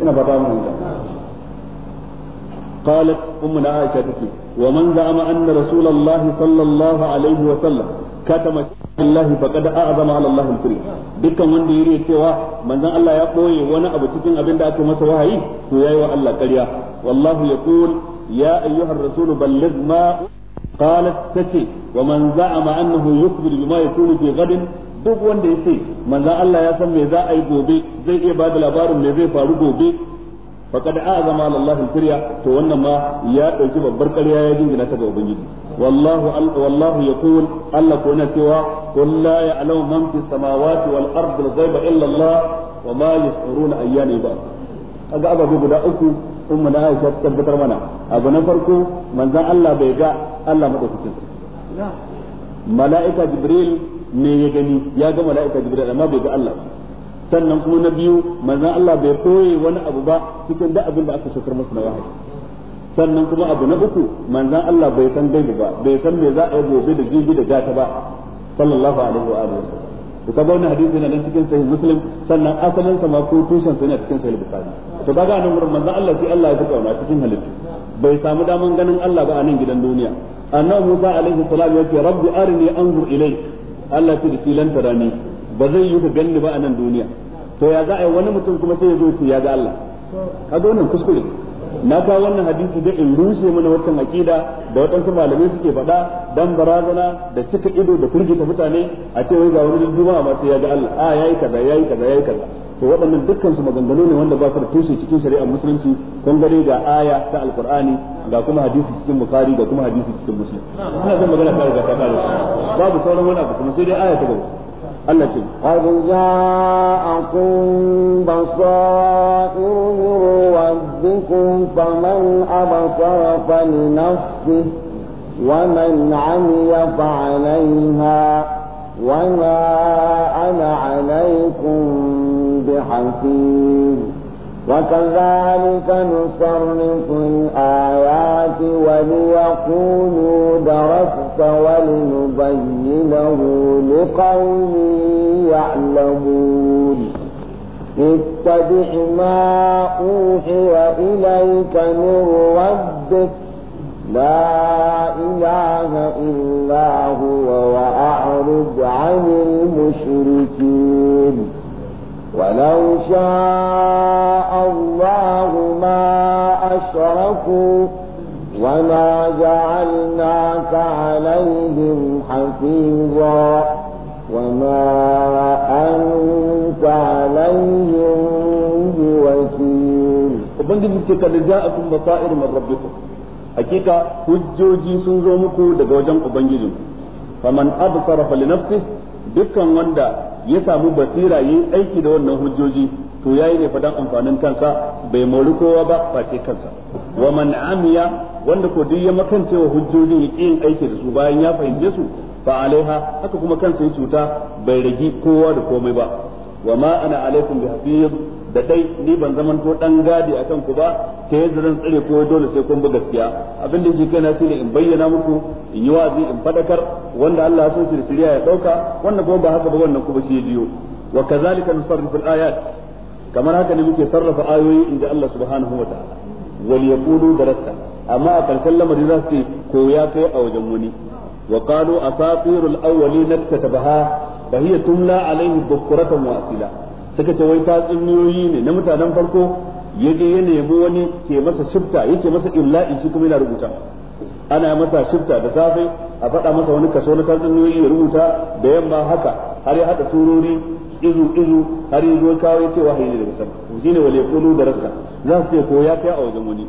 ina ba ta mun قالت أمنا عائشة ومن زعم أن رسول الله صلى الله عليه وسلم كتم billahi faqad a'zama 'ala Allah al-kuri dukkan wanda yare cewa manzon Allah ya boye wani abu cikin abin da aka masa wahayi to yi wa Allah ƙarya wallahu yaqul ya ayyuha ar-rasul balligh ma qalat tati wa man za'ama annahu yukhbir bima duk wanda ya ce manzon Allah ya san me za a yi gobe zai iya ba da labarin me zai faru gobe faqad a'zama Allah al-qurya to wannan ma ya ɗauki babbar ƙarya ya jingina ta ga ubangiji wallahu wallahu yaqul Allah ko na cewa qul la ya'lamu man fis samawati wal ardi al-ghaiba illa wa kaga ababu guda uku umma na Aisha ta tabbatar mana abu na farko manzon Allah bai ga Allah madaukakin mala'ika Jibril ne ya gani ya ga mala'ika Jibril amma bai ga Allah ba sannan kuma na biyu manzon Allah bai koye wani abu ba cikin duk abin da aka saukar masa na wahayi sannan kuma abu na uku manzon Allah bai san gaibi ba bai san me za a yi gobe da jibi da gata ba sallallahu alaihi wa alihi to kaga wannan hadisi yana nan cikin sahih muslim sannan asalin sa ma ko tushen sa yana cikin sahih bukhari to kaga nan gurin manzon Allah sai Allah ya ga kauna cikin halittu bai samu daman ganin Allah ba a nan gidan duniya annabi Musa alaihi salam yace rabbi arini anzur ilayk Allah ya ce da shi lan tarani ba zai yi ku ganni ba a nan duniya to ya za a yi wani mutum kuma sai ya zo ya ga Allah kaga wannan kuskure na kawo wannan hadisi da in rushe mana wancan aqida da waɗansu malamai suke faɗa dan barazana da cika ido da firgita mutane a ce wai ga wani juma'a ma sai ya ga Allah a yayi kaza yayi kaza yayi kaza to waɗannan dukkan su maganganu ne wanda ba su da tushe cikin shari'ar musulunci kun gare ga aya ta alqur'ani ga kuma hadisi cikin bukhari ga kuma hadisi cikin muslim ina son magana ta ga ta kare babu sauran wani abu kuma sai dai aya ta gaba Allah ce qad ja'akum basairun rabbikum faman abasara fali nafsihi ومن عمي فعليها وما أنا وكذلك نصرف الآيات وليقولوا درست ولنبينه لقوم يعلمون اتبع ما أوحي إليك من ربك لا إله إلا هو وأعرض عن المشركين ولو شاء الله ما أشركوا وما جعلناك عليهم حفيظا وما أنت عليهم بوكيل Ubangiji ce kada ja a kuma sa’ir marrabbiku, hakika hujjoji sun zo muku daga wajen Ubangijin, Kamar abu sarrafa linafsi dukkan wanda ya samu basira yayi aiki da wannan hujjoji to yayi ne fadan amfanin kansa bai mori kowa ba face kansa wa man amiya wanda ko duk ya makance wa hujjojin ya yin aiki da su bayan ya fahimce su fa alaiha haka kuma kansa ya cuta bai ragi kowa da komai ba wa ma ana alaikum bihafiz da dai ni ban zamanto dan gadi akan ku ba ta yadda zan tsare ko dole sai kun bi gaskiya abin da shi kaina in bayyana muku in yi wa'azi in fadakar wanda Allah ya so shi shirya ya dauka wannan kuma ba haka ba wannan kuma shi ya jiyo wa kazalika nusarrifu al-ayat kamar haka ne muke sarrafa ayoyi inda Allah subhanahu wa ta'ala wal yaqulu darasta amma a karshen lamari za su ce ko ya kai a wajen wani wa qalu asatirul awwalin naktatabaha bahiya tumla alaihi bukuratan wasila asila suka ce wai tatsuniyoyi ne na mutanen farko yaje ya nemi wani ke masa shifta yake masa illa'i shi kuma yana rubuta ana masa shifta da safe a faɗa masa wani kaso na tatsuniyoyi ya rubuta da yamma haka har ya haɗa surori izu izu har ya zo kawo cewa ce wahayi ne daga sama shine wal da darasta za su ce ko ya kai a wajen wani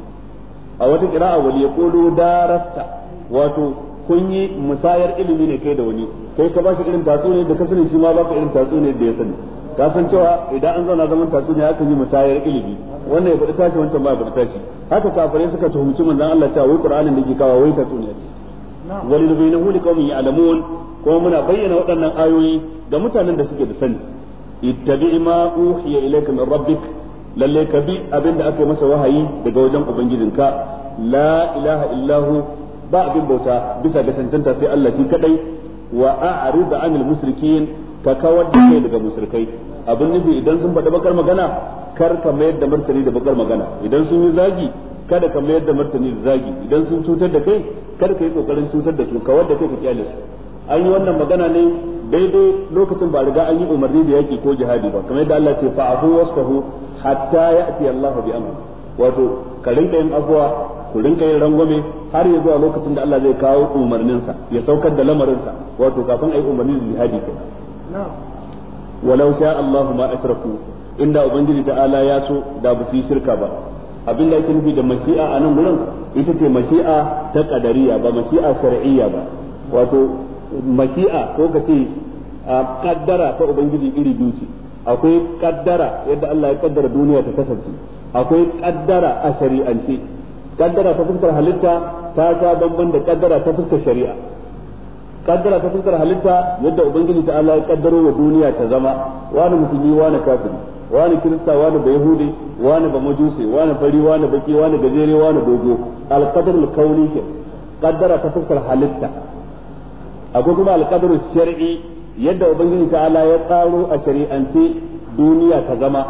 a wata a wale-kulu darasta wato kun yi musayar ilimi ne kai da wani kai ka ba shi irin ne da ka sani shi ma ba ka irin ne da ya sani ka san cewa idan an zauna zaman tatsuniya akan yi musayar ilimi wannan ya faɗi tashi wancan ba ya faɗi tashi haka kafirai suka tuhumci manzon Allah cewa wai Qur'anin da ke kawo wai tatsuniya ce wani da bai na huli kuma muna bayyana waɗannan ayoyi ga mutanen da suke da sani ittabi ma uhiya ilayka min rabbik lalle ka bi abin da aka masa wahayi daga wajen ubangijinka la ilaha illahu ba abin bauta bisa ga tantanta sai Allah shi kadai wa a'rid anil musrikin ka kawar da kai daga musrikai abin nufi idan sun faɗi bakar magana kar ka mayar da martani da bakar magana idan sun yi zagi kada ka mayar da martani da zagi idan sun cutar da kai kar ka yi kokarin cutar da su kawar da kai ka kyale su an yi wannan magana ne daidai lokacin ba riga an yi umarni da yaki ko jihadi ba kamar yadda Allah ce fa'afu wasfahu hatta ya'ti Allah bi amri wato ka rinka yin abuwa ku rinka yin rangwame har ya zuwa lokacin da Allah zai kawo umarninsa ya saukar da lamarinsa wato kafin a yi umarni da jihadi kenan walau sha Allahu ma ku inda ubangiji ta'ala ya so da ba yi shirka ba abin da ake da masi'a a nan gurin ita ce mashi'a ta kadariya ba mashi'a shar'iyya ba wato mashi'a ko ka ce kaddara ta ubangiji iri biyu ce akwai kaddara yadda Allah ya kaddara duniya ta kasance akwai kaddara a shari'ance kaddara ta fuskar halitta ta sha bamban da kaddara ta fuskar shari'a kaddara ta fuskar halitta yadda ubangiji ta Allah ya kaddaro wa duniya ta zama wani musulmi wani kafiri wani kirista wani bayhudi wani bamajuse wani fari wani baki wani gajere wani dogo alqadarul kauni ke kaddara ta fuskar halitta akwai kuma alqadarul shar'i yadda ubangiji ta Allah ya tsaro a shari'ance duniya ta zama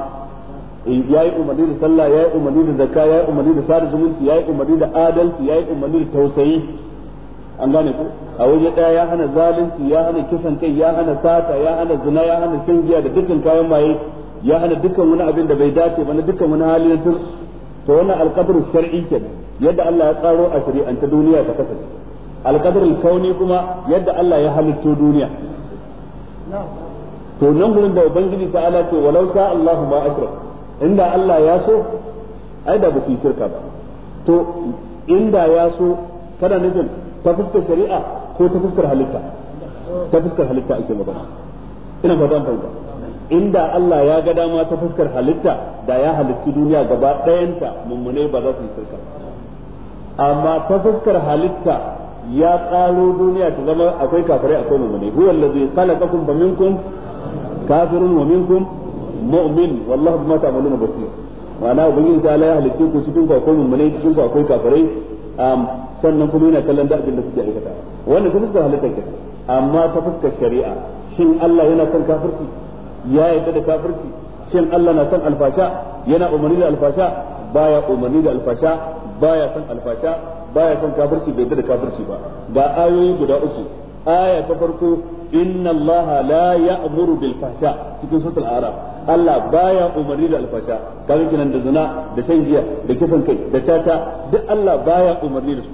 ya yi umarni da sallah ya yi umarni da zakka ya yi umarni da sada zumunci ya yi umarni da adalci ya yi umarni da tausayi an gane ku a waje daya ya hana zalunci ya hana kisan kai ya hana sata ya hana zina ya hana shan giya da dukkan kayan maye ya hana dukkan wani abin da bai dace ba na dukkan wani hali na tur to wannan alqadru shar'i kenan yadda Allah ya tsaro a shari'anta duniya ta kasance alqadrul kauni kuma yadda Allah ya halitto duniya to nan gurin da ubangiji ta ala ce walau sa Allahu ma ashrak inda Allah ya so ai da ba su shirka ba to inda ya so kana nufin ta fuskar shari'a ko ta fuskar halitta ta fuskar halitta ake magana ina ba zan fahimta inda Allah ya ga dama ta fuskar halitta da ya halitti duniya gaba ɗayanta mummune ba za su yi shirka amma ta fuskar halitta ya tsaro duniya ta zama akwai kafirai akwai mummune huwa allazi khalaqakum fa minkum kafirun wa minkum mu'min wallahu bima ta'maluna basir ma'ana ubangiji ta ya halitte ku cikin ku akwai mummune cikin ku akwai kafirai sannan kuma yana kallon da da suke aikata wannan ta fuskar halittar ka amma ta fuskar shari'a shin Allah yana son kafirci ya yarda da kafirci shin Allah na son alfasha yana umarni da alfasha baya umarni da alfasha baya son alfasha baya son kafirci bai yarda da kafirci ba ga ayoyi guda uku aya ta farko inna allaha la ya'muru bil fahsha cikin suratul araf Allah baya umarni da alfasha kaga kinan da zina da shan giya da kisan kai da tata duk Allah baya umarni da su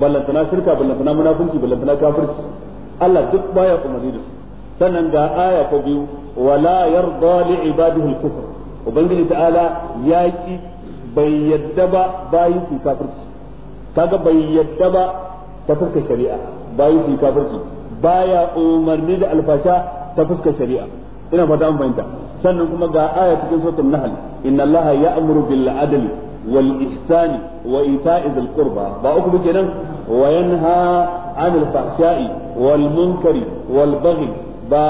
ballantana shirka ballantana munafunci ballantana kafirci Allah duk baya umarni da su sannan ga aya ta biyu wala yarda li ibadihi al-kufr ubangiji ta'ala yaki bai yadda ba bayin su kafirci kaga bai yadda ba ta fuska shari'a bayi su kafirci baya umarni da alfasha ta fuska shari'a ina fata an fahimta sannan kuma ga aya cikin suratul nahl inna allaha ya'muru bil adli wal ihsani wa ita'i dhil qurba ba uku muke nan wa yanha anil fahsha'i wal munkari wal baghi ba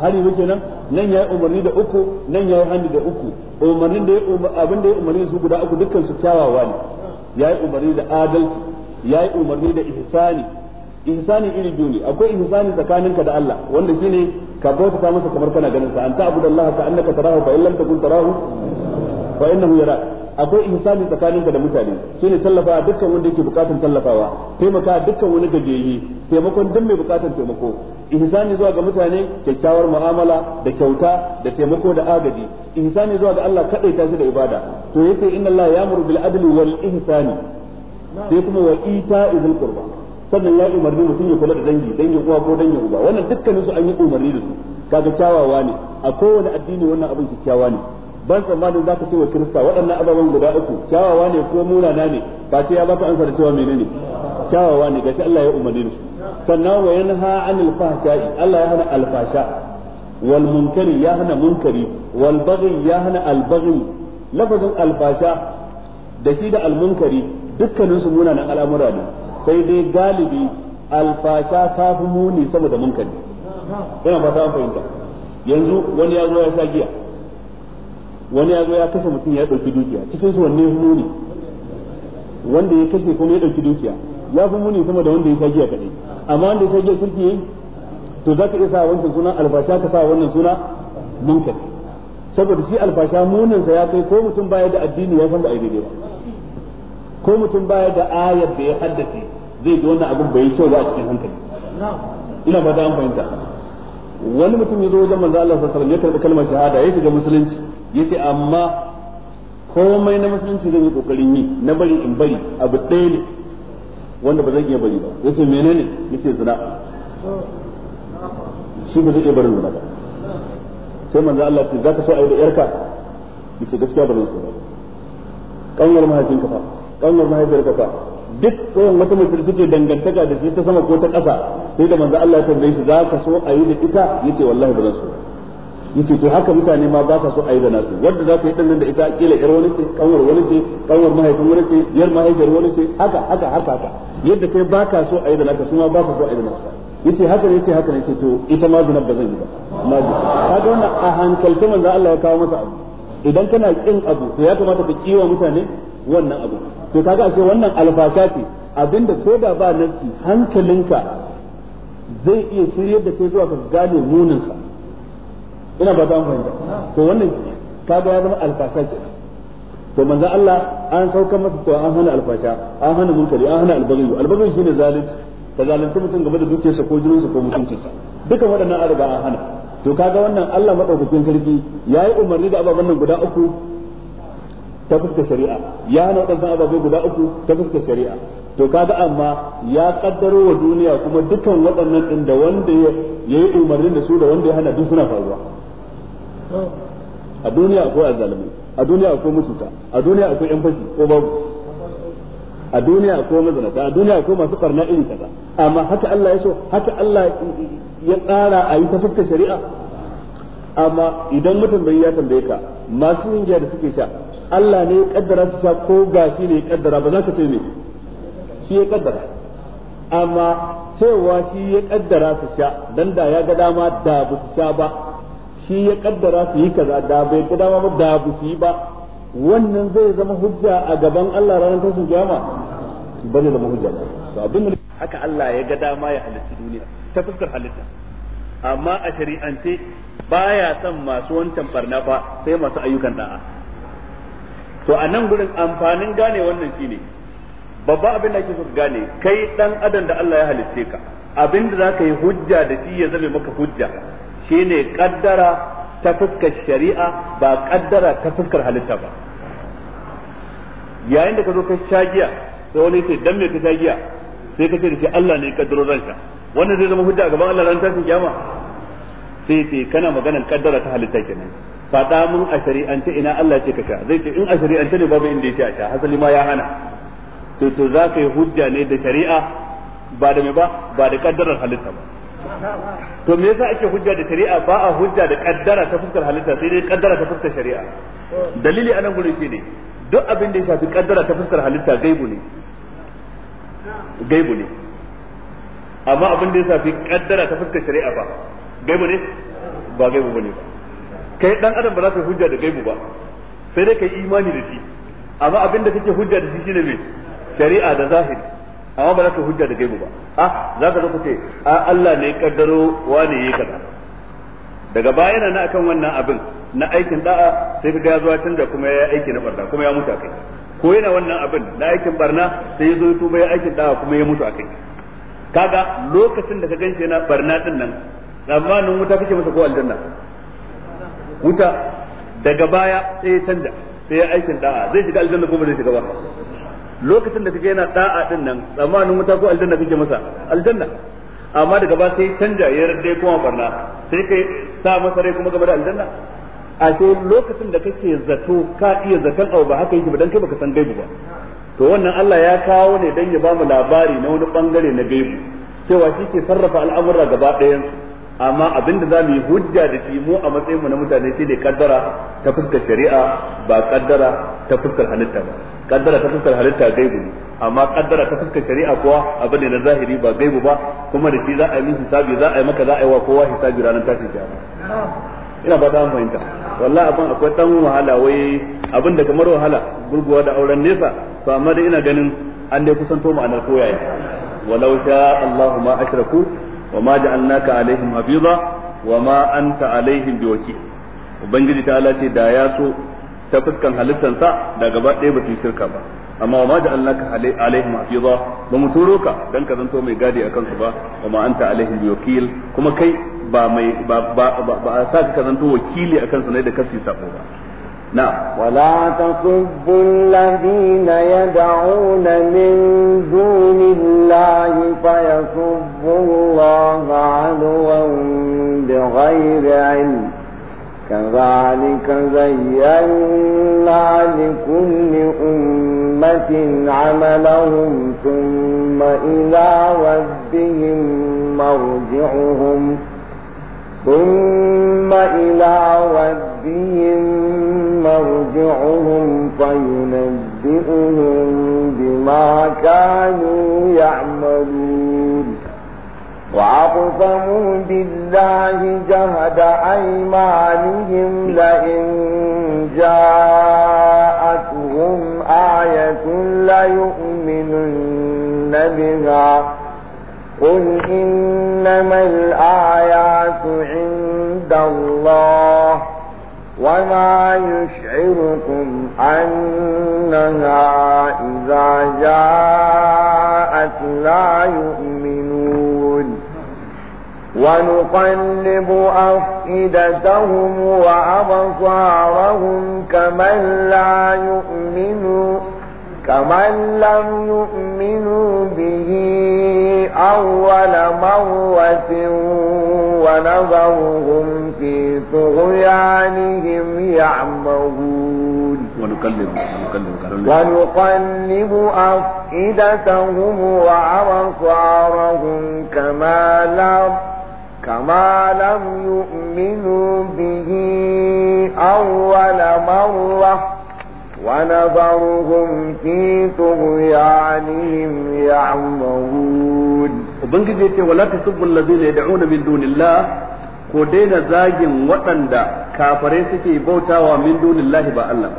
hari muke nan nan yayi umarni da uku nan yayi hani da uku umarnin da ya abin da su guda uku dukkan su kyawawa ne yayi umarni da adalci yayi umarni da ihsani iri biyu ne akwai ihsani tsakaninka da Allah wanda shine ka bauta masa kamar kana ganin sa anta abudallahi ka annaka tarahu fa illam takun tarahu fa innahu yarak akwai ihsani tsakaninka da mutane shine tallafa dukkan wanda yake bukatun tallafawa taimaka dukkan wani gajeyi taimakon duk mai bukatun taimako ihsani zuwa ga mutane kyakkyawar mu'amala da kyauta da taimako da agaji ihsani zuwa ga Allah kadaita shi da ibada to ya inna Allah ya'muru bil adli wal ihsani sai kuma wa ita'i dhil qurba sannan ya umarni mutum ya kula da dangi dangi uwa ko dangin uba wannan dukkanin su an yi umarni da su kaga kyawawa ne a kowane addini wannan abin kyakkyawa ne ban tsammanin za ka ce wa kirista waɗannan ababen guda uku kyawawa ne ko munana ne ba ce ya baka ansa da cewa menene kyawawa ne gashi Allah ya umarni su sannan wa yanha anil fahsha'i Allah ya hana alfasha wal munkari ya hana munkari wal baghi ya hana al baghi lafazin alfasha da shi da al munkari dukkanin su munanan al'amura ne sai dai galibi alfasha ta fi muni saboda munkari ina fahimta yanzu wani ya zo ya sha giya wani ya zo ya kashe mutum ya ɗauki dukiya cikin su wanne muni wanda ya kashe kuma ya ɗauki dukiya ya fi muni sama da wanda ya sha giya kaɗai amma wanda ya sha giya turki to za ka iya sa wancan suna alfasha ka sa wannan suna munkar saboda shi alfasha muninsa ya kai ko mutum baya da addini ya san ba a yi daidai ba ko mutum baya da ayar da ya haddace zai ji wannan abin bai kyau ba a cikin hankali ina ba da an fahimta wani mutum ya zo wajen manzo Allah sallallahu alaihi wasallam ya karbi kalmar shahada ya shiga musulunci yace amma komai na musulunci zan yi kokarin yi na bari in bari abu ɗaya ne wanda ba zan iya bari ba yace menene yace zina shi ba zai iya barin zina ba sai manzo Allah ce zaka so a yi da yarka yace gaskiya ba zan so ba kanwar mahaifinka fa kanwar mahaifiyarka fa duk tsohon wata mace da take dangantaka da shi ta sama ko ta ƙasa sai da manzo Allah ya tambaye shi za ka so a yi da ita yace wallahi ba zan so yace to haka mutane ma ba sa so ayi da nasu wanda za ka yi dinnan da ita kila yar wani ce kanwar wani ce kanwar mahaifin wani ce yar mahaifiyar wani ce haka haka haka haka yadda kai ba ka so ayi da naka su ma ba sa so ayi da nasu yace haka ne yace haka ne yace to ita ma zinab ba zan yi ba na ji kaga wannan a hankalta manzo Allah ya kawo masa abu idan kana kin abu to ya kamata ka kiwa mutane wannan abu to kaga ashe wannan alfasha ce abinda ko da ba nafsi hankalinka zai iya shiryar da kai zuwa ka gane muninsa ina ba mu fahimta to wannan kaga ya zama alfasha ke to manzo Allah an saukar masa to an hana alfasha an hana munkari an hana albaghi albaghi shine zalunci ta zalunci mutum game da dukiyarsa ko jininsa ko mutuncinsa dukan waɗannan an riga an hana to kaga wannan Allah madaukakin sarki yayi umarni da ababen nan guda uku ta fuskar shari'a ya hana waɗannan ababai guda uku ta fuskar shari'a to kaga amma ya kaddaro wa duniya kuma dukan waɗannan din da wanda ya yi umarnin da su da wanda ya hana duk suna faruwa a duniya akwai azzalumai a duniya akwai mututa a duniya akwai yan fashi ko babu a duniya akwai mazinata a duniya akwai masu farna iri kaza amma haka Allah ya so haka Allah ya tsara a yi ta shari'a amma idan mutum bai ya tambaye ka masu yin da suke sha Allah ne ya kaddara su sha ko ga shi ne ya kaddara ba za ka ce me shi ya kaddara amma cewa shi ya kaddara su sha dan da ya ga dama da ba su sha ba shi ya kaddara su yi kaza da bai kaddara ba da bu su yi ba wannan zai zama hujja a gaban Allah ranar tashin kiyama ba zai zama hujja to abin da haka Allah ya ga dama ya halitta duniya ta fuskar halitta amma a shari'ance baya son masu wancan barna ba sai masu ayyukan da'a to a nan gurin amfanin gane wannan shine babba abin da ake so gane kai dan adam da Allah ya halicce ka abin da zaka yi hujja da shi ya zame maka hujja shine kaddara ta fuskar shari'a ba kaddara ta fuskar halitta ba yayin da ka zo ka sha giya sai wani ce dan me ka sha giya sai ka ce da shi Allah ne ya kaddaro ransa wannan zai zama hujja a gaban Allah ran tashin kiyama sai ce kana maganar kaddara ta halitta kenan faɗa mun a shari'ance ina Allah ce ka sha zai ce in a shari'ance ne babu inda ya ce a sha hasali ma ya hana to to za ka yi hujja ne da shari'a ba da me ba ba da kaddarar halitta ba to me yasa ake hujja da shari'a ba a hujja da kaddara ta fuskar halitta sai dai kaddara ta fuskar shari'a dalili anan gurin ne duk abin da ya shafi kaddara ta fuskar halitta gaibu ne gaibu ne amma abin da ya shafi kaddara ta fuskar shari'a ba gaibu ne ba gaibu bane ba kai dan adam ba za ka hujja da gaibu ba sai dai kai imani da shi amma abin da kake hujja da shi shine me shari'a da zahiri amma ba za ka hujja da gaibu ba a ah, za ka zo ku ce a Allah ne kaddaro wane yi kaza daga baya na akan wannan abin na aikin da'a sai ka ya zuwa canza kuma ya aiki na barna kuma ya mutu akai ko yana wannan abin na aikin barna sai ya zo ya tuba ya aikin da'a kuma ya mutu akai kaga lokacin da ka ganshi yana barna din nan zamanin wuta kake masa ko aljanna wuta daga baya sai ya canja sai ya aikin da'a zai shiga aljanna ko ba zai shiga ba lokacin da kake yana da'a din nan tsammanin wuta ko aljanna kake masa aljanna amma daga ba sai canja ya rarde kuma barna sai kai sa masa rai kuma gaba da aljanna a ce lokacin da kake zato ka iya zaton abu ba haka yake ba dan kai baka san gaibu ba to wannan Allah ya kawo ne dan ya bamu labari na wani bangare na gaibu cewa shi ke sarrafa al'amura gaba ɗayan su amma abinda za mu yi hujja da shi mu a matsayin mu na mutane shi ne kaddara ta fuskar shari'a ba kaddara ta fuskar halitta ba kaddara ta fuskar halitta gaibu ne amma kaddara ta fuskar shari'a kuwa abin ne na zahiri ba gaibu ba kuma da shi za a yi hisabi za a yi maka za a yi wa kowa hisabi ranar tashin kiyama ina ba ta fahimta wallahi abin akwai dan wahala wai abin da kamar wahala gurguwa da auren nesa to amma dai ina ganin an dai kusanto ma'anar koyaye walau sha Allahu ma ashraku wa ma ja'alnaka alaihim hafiza ubangiji ta da ya ta fuskan halittansa da gaba ɗaya ba su ba amma wa ma dan ka zanto gadi akan su kuma kai ba mai ba wakili da ba نعم ولا تصبوا الذين يدعون من دون الله فيصبوا الله عدوا بغير علم كذلك زينا لكل أمة عملهم ثم إلى ربهم مرجعهم ثم إلى ربهم مرجعهم فينبئهم بما كانوا يعملون وأقسموا بالله جهد أيمانهم لئن جاءتهم آية ليؤمنن بها قل إنما الآيات عند الله وما يشعركم أنها إذا جاءت لا يؤمنون ونقلب أفئدتهم وأبصارهم كمن لا يؤمنون كمن لم يؤمنوا به أول مرة ونظرهم في طغيانهم يعمهون ونقلب ونقلب أفئدتهم وأبصارهم كما لم كما لم يؤمنوا به أول مرة ونظرهم في طغيانهم يعمهون وبنجي يتي ولا تسبوا الذين يدعون من دون الله ko daina zagin waɗanda kafirai suke bautawa دون الله ba الله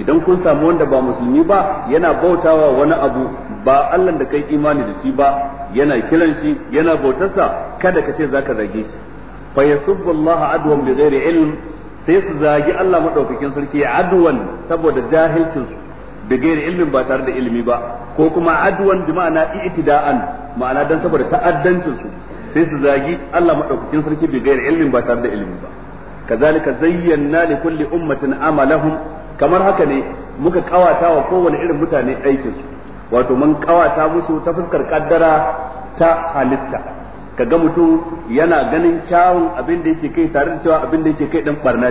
idan kun samu wanda ba musulmi ba yana bautawa wani abu ba Allah da kai imani da shi ba yana kiran shi yana bautarsa kada ka ce zaka zage shi fa yasubbu Allah adwan bi ghairi ilm sai su zagi Allah maɗaukakin sarki adwan saboda jahilcin su da gairi ilmin ba tare da ilimi ba ko kuma adwan bi ma'ana i'tida'an ma'ana dan saboda ta'addancin su sai su zagi Allah maɗaukakin sarki bi gairi ilmin ba tare da ilimi ba kazalika zayyana li kulli ummatin amalahum kamar haka ne muka kawata wa kowane irin mutane aikin su wato mun kawata musu ta fuskar kaddara ta halitta Ka ga mutum yana ganin kyawun abin da yake kai tare da cewa abin da yake kai din barna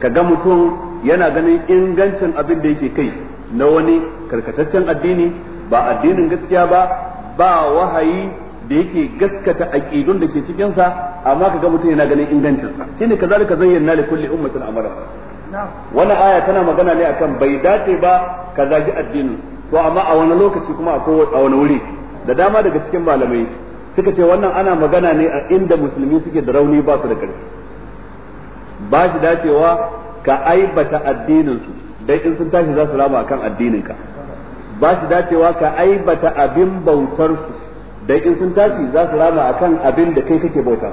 ce ga mutum yana ganin ingancin abin da yake kai na wani karkataccen addini ba addinin gaskiya ba ba wahayi da yake gaskata aqidun da ke cikin sa amma ga mutum yana ganin ingancin sa shine kazalika zayyana li kulli ummatin amara wannan aya tana magana ne akan bai dace ba ka zagi addinin to amma a wani lokaci kuma a wani wuri da dama daga cikin malamai suka ce wannan ana magana ne a inda musulmi suke da rauni ba su da ƙarfi ba shi dacewa ka aibata addininsu dai in sun tashi za su rama akan addininka ba shi dacewa ka aibata abin bautarsu dai in sun tashi za su rama akan abin da kai kake bauta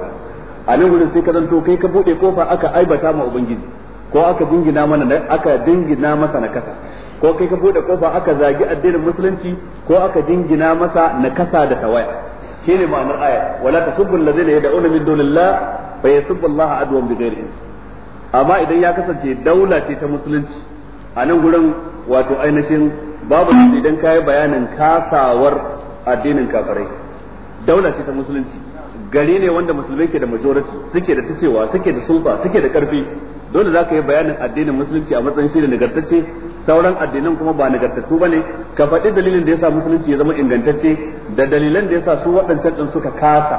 a nan wurin sai ka zanto kai ka buɗe kofa aka aibata ma ubangiji ko aka dingina mana aka dingina masa na kasa ko kai ka buɗe kofa aka zagi addinin musulunci ko aka dingina masa na kasa da tawaya shine ma'anar ayar wala tasubbu allazina yad'una min dunillah fa yasubbu allaha adwan bi ghairihi amma idan ya kasance daula ce ta musulunci a nan gurin wato ainihin babu idan kayi bayanin kasawar addinin kafirai daula ce ta musulunci gari ne wanda musulmai ke da majority suke da tacewa suke da sulba suke da karfi dole zaka yi bayanin addinin musulunci a matsayin shi da nagartacce sauran addinan kuma ba nagartattu ba ne. ka faɗi dalilin da ya sa musulunci ya zama ingantacce da dalilan da ya sa su waɗancan ɗin suka kasa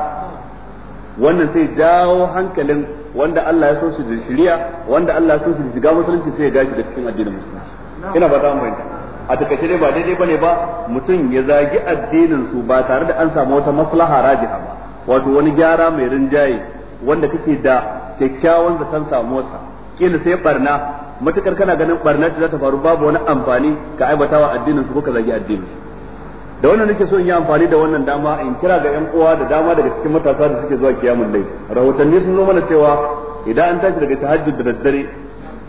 wannan sai jawo hankalin wanda Allah ya so su da shiriya wanda Allah ya so su shiga musulunci sai ya gashi da cikin addinin musulunci ina ba za mu a takaice dai ba daidai bane ba mutum ya zagi addinin su ba tare da an samu wata maslaha rajiha ba wato wani gyara mai rinjaye wanda kake da kyakkyawan zaton samuwarsa kila sai barna matukar kana ganin barna ce za ta faru babu wani amfani ka aibatawa addinin su ko ka zagi addinin su da wannan nake so in yi amfani da wannan dama in kira ga yan uwa da dama daga cikin matasa da suke zuwa kiyamun lai rahotanni sun zo mana cewa idan an tashi daga tahajjud da daddare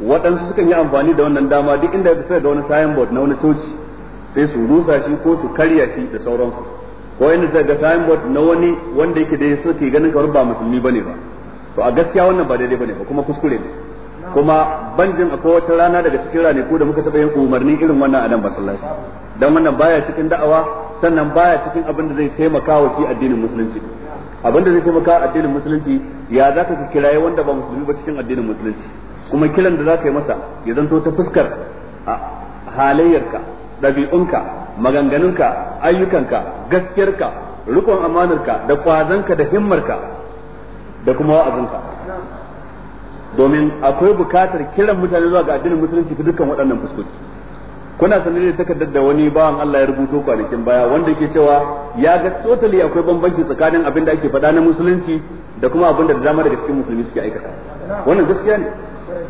waɗansu sukan yi amfani da wannan dama duk inda ya ga wani sayan board na wani coci sai su rusa shi ko su karya shi da sauransu ko inda sai ga board na wani wanda yake da suke ganin kamar ba musulmi bane ba to a gaskiya wannan ba daidai bane ba kuma kuskure ne kuma banjin akwai wata rana daga cikin ko da muka taɓa yin umarni irin wannan adam ba masallaci dan wannan baya cikin da'awa sannan baya cikin abin da zai taimaka wa shi addinin musulunci abin da zai taimaka addinin musulunci ya za ka kiraye wanda ba musulmi ba cikin addinin musulunci kuma kiran da za ka yi masa ya zanto ta fuskar halayyarka ɗabi'unka maganganunka ayyukanka gaskiyarka rikon amanarka da kwazanka da himmarka da kuma wa'azinka domin akwai bukatar kiran mutane zuwa ga addinin musulunci ta dukkan waɗannan fuskoki kuna sanar da takardar da wani bawan Allah ya rubuto kwanakin baya wanda yake cewa ya ga totally akwai bambanci tsakanin abin da ake faɗa na musulunci da kuma abin da dama daga cikin musulmi suke aikata wannan gaskiya ne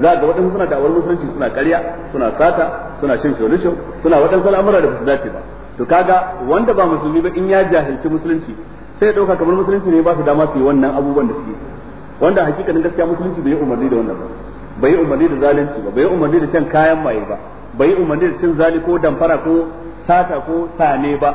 za ga waɗansu suna da'awar musulunci suna ƙarya suna sata suna shan sholisho suna waɗansu al'amura da ba su dace ba to kaga wanda ba musulmi ba in ya jahilci musulunci sai ya ɗauka kamar musulunci ne ba su dama su yi wannan abubuwan da suke wanda hakikanin gaskiya musulunci bai umarni da wannan ba bai umarni da zalunci ba bai umarni da shan kayan maye ba bai umarni da cin zali ko damfara ko sata ko sane ba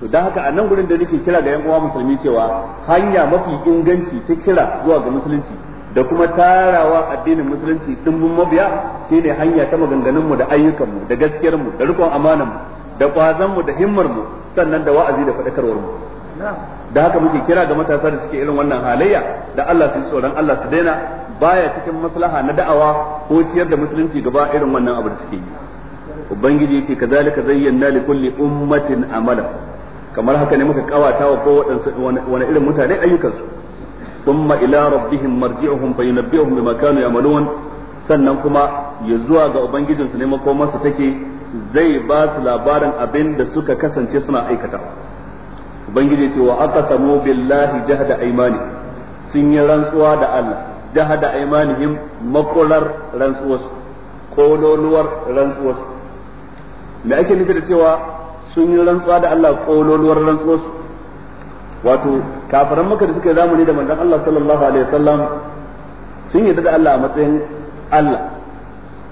to dan haka a nan gurin da nake kira ga yan uwa musulmi cewa hanya mafi inganci ta kira zuwa ga musulunci da kuma tarawa addinin musulunci dimbin mabiya ne hanya ta maganganun mu da ayyukan mu da gaskiyar mu da rikon amanan mu da kwazon mu da himmar mu sannan da wa'azi da fadakarwar mu da haka muke kira ga matasa da suke irin wannan halayya da Allah su tsoron Allah su daina baya cikin maslaha na da'awa ko ciyar da musulunci gaba irin wannan abu da suke yi ubangiji yake kazalika zayyana li kulli ummatin amala kamar haka ne muka kawata wa kowaɗansu wani irin mutane ayyukansu thumma ila rabbihim marji'uhum fayunabbi'uhum bima kanu ya'malun sannan kuma ya zuwa ga ubangijinsu ne makomarsu take zai ba su labarin abin da suka kasance suna aikata ubangiji ce wa aqsamu billahi jahda aymani sun yi rantsuwa da Allah jahda aymanihim makular rantsuwarsu kololuwar rantsuwarsu me ake nufi da cewa sun yi rantsuwa da Allah kololuwar rantsuwarsu wato kafiran maka da suka zamani da manzon Allah sallallahu alaihi wasallam sun yi da Allah a matsayin Allah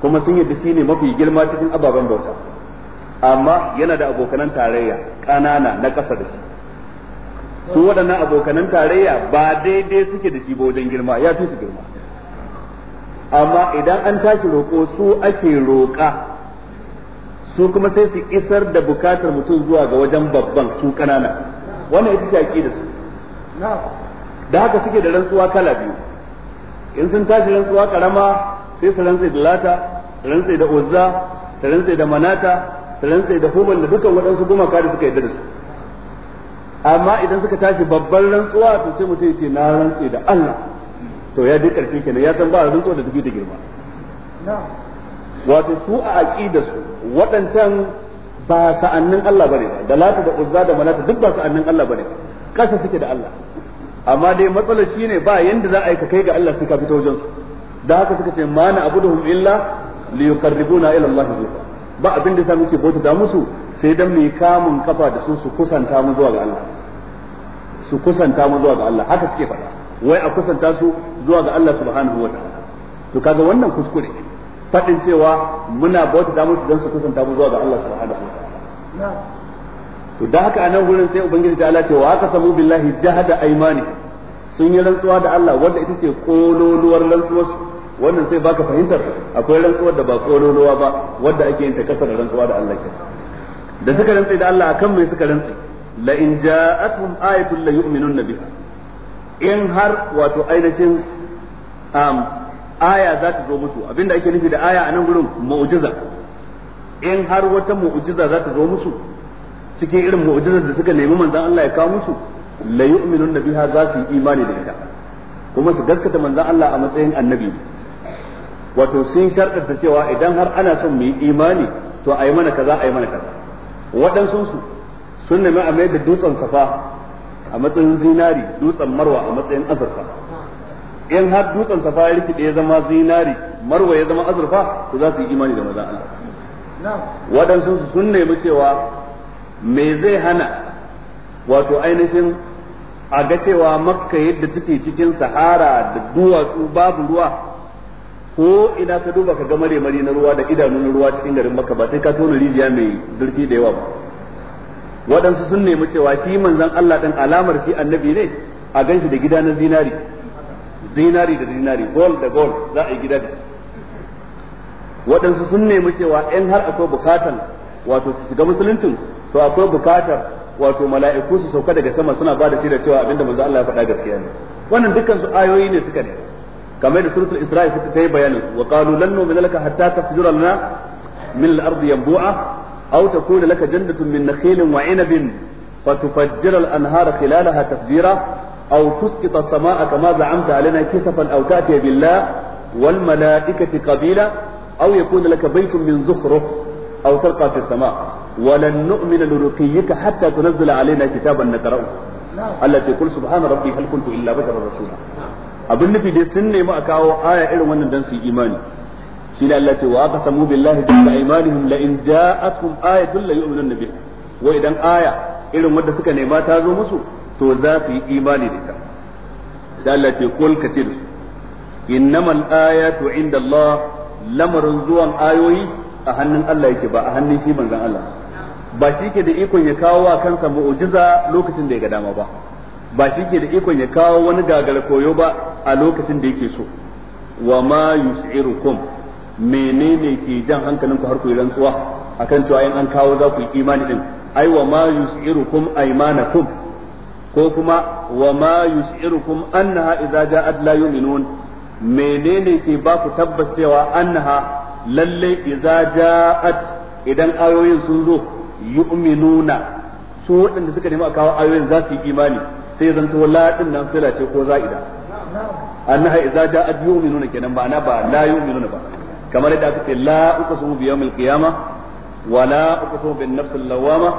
kuma sun yarda shi ne mafi girma cikin ababen bauta amma yana da abokanan tarayya ƙanana na ƙasa da shi su waɗannan abokanan tarayya ba daidai suke da shi ba wajen girma ya fi girma amma idan an tashi roƙo su ake roƙa su kuma sai su isar da bukatar mutum zuwa ga wajen babban su ƙanana wannan ita shaƙi da su da haka suke da rantsuwa kala biyu in sun tashi rantsuwa karama sai su rantsai da lata rantsai da uzza rantsai da manata rantsai da hubal da dukkan waɗansu gumaka da suka yi da su amma idan suka tashi babban rantsuwa to sai mutum ce na rantse da Allah to ya duk karfi kenan ya san ba rantsuwa da tafi da girma wato su a aqida su waɗancan ba sa'annin Allah bane ba da lata da uzza da malata duk ba sa'annin Allah bane ba kasa suke da Allah amma dai matsalar shine ba yanda za a yi ka kai ga Allah sai ka fito wajen su da haka suka ce ma na abuduhum illa liyuqarribuna ila Allah zulfa ba abin da sa muke bauta da musu sai dan mai kamun kafa da su su kusanta mu zuwa ga Allah su kusanta mu zuwa ga Allah haka suke faɗa wai a kusanta su zuwa ga Allah subhanahu wataala to kaga wannan kuskure faɗin cewa muna bauta da su don su kusanta mu zuwa ga Allah subhanahu wataala to da haka anan gurin sai ubangiji ta Allah ce wa aka samu billahi jahada aimani sun yi rantsuwa da Allah wanda ita ce kololuwar rantsuwar wannan sai baka fahimtar akwai rantsuwar da ba kololuwa ba wanda ake yin ta kasar rantsuwa da Allah kenan da suka rantsi da Allah akan mai suka rantsi la in ja'atuhum ayatun la yu'minun biha in har wato ainihin um, aya za ta zo musu abinda ake nufi da aya a nan gurin mu'jiza in har wata mu'jiza za ta zo musu cikin irin mu'jizar da suka nemi manzon Allah ya kawo musu la yu'minun biha za su yi imani da ita kuma su gaskata manzon Allah a matsayin annabi wato sun sharɗar cewa idan har ana son mu yi imani to a yi mana kaza a yi mana kaza waɗansu sun nemi a mai da dutsen kafa a matsayin zinari dutsen marwa a matsayin azurfa in har dutsen kafa ya rikide ya zama zinari marwa ya zama azurfa to za su yi imani da maza Allah waɗansu sun nemi cewa me zai hana wato ainihin a ga cewa makka yadda take cikin sahara da duwatsu babu ruwa ko ina ka duba ka ga mare mari na ruwa da idanu na ruwa cikin garin Makka ba sai ka tona rijiya mai zurfi da yawa ba waɗansu sun nemi cewa shi manzon Allah din alamar shi annabi ne a ganshi da gida na zinari zinari da zinari gold da gold za a yi gida da shi waɗansu sun nemi cewa in har akwai bukatan wato su shiga musuluncin to akwai bukatar wato mala'iku su sauka daga sama suna ba da shi da cewa abinda manzo Allah ya faɗa gaskiya ne wannan dukkan su ayoyi ne suka ne كما يقول سورة الإسراء في بيان وقالوا لن نؤمن لك حتى تفجر لنا من الأرض ينبوعا أو تكون لك جنة من نخيل وعنب فتفجر الأنهار خلالها تفجيرا أو تسقط السماء كما زعمت علينا كسفا أو تأتي بالله والملائكة قبيلة أو يكون لك بيت من زخرف أو ترقى في السماء ولن نؤمن لرقيك حتى تنزل علينا كتابا نقرأه التي قل سبحان ربي هل كنت إلا بشرا رسولا abin nufi dai sun nemi a kawo aya irin wannan dan su imani shi ne Allah ce wa aqsamu billahi jalla imanihim la in ja'atkum ayatun la yu'minu nabi wa idan aya irin wanda suka nema ta zo musu to za su yi imani da ita da Allah ce kul katir innamal ayatu inda Allah lamarin zuwan ayoyi a hannun Allah yake ba a hannun shi manzon Allah ba shi ke da ikon ya kawo wa kansa mu'jiza lokacin da ya ga dama ba ba shi ke da ikon ya kawo wani gagar koyo ba a lokacin da yake so wa ma yus'irukum menene ke jan hankalin ku har ku rantsuwa akan cewa in an kawo za ku yi imani din ai wa ma yus'irukum aymanakum ko kuma wa ma yus'irukum annaha idza ja'at la yu'minun menene ke ba ku tabbas cewa annaha lalle idza ja'at idan ayoyin sun zo yu'minuna su waɗanda suka nemi a kawo ayoyin za su yi imani sai zan zanto la din nan sai lace ko za'ida annaha idza ja'at yu'minuna kenan ba na ba la yu'minuna ba kamar da kace la uqsimu bi yawmil qiyama wa la uqsimu bin nafs al lawama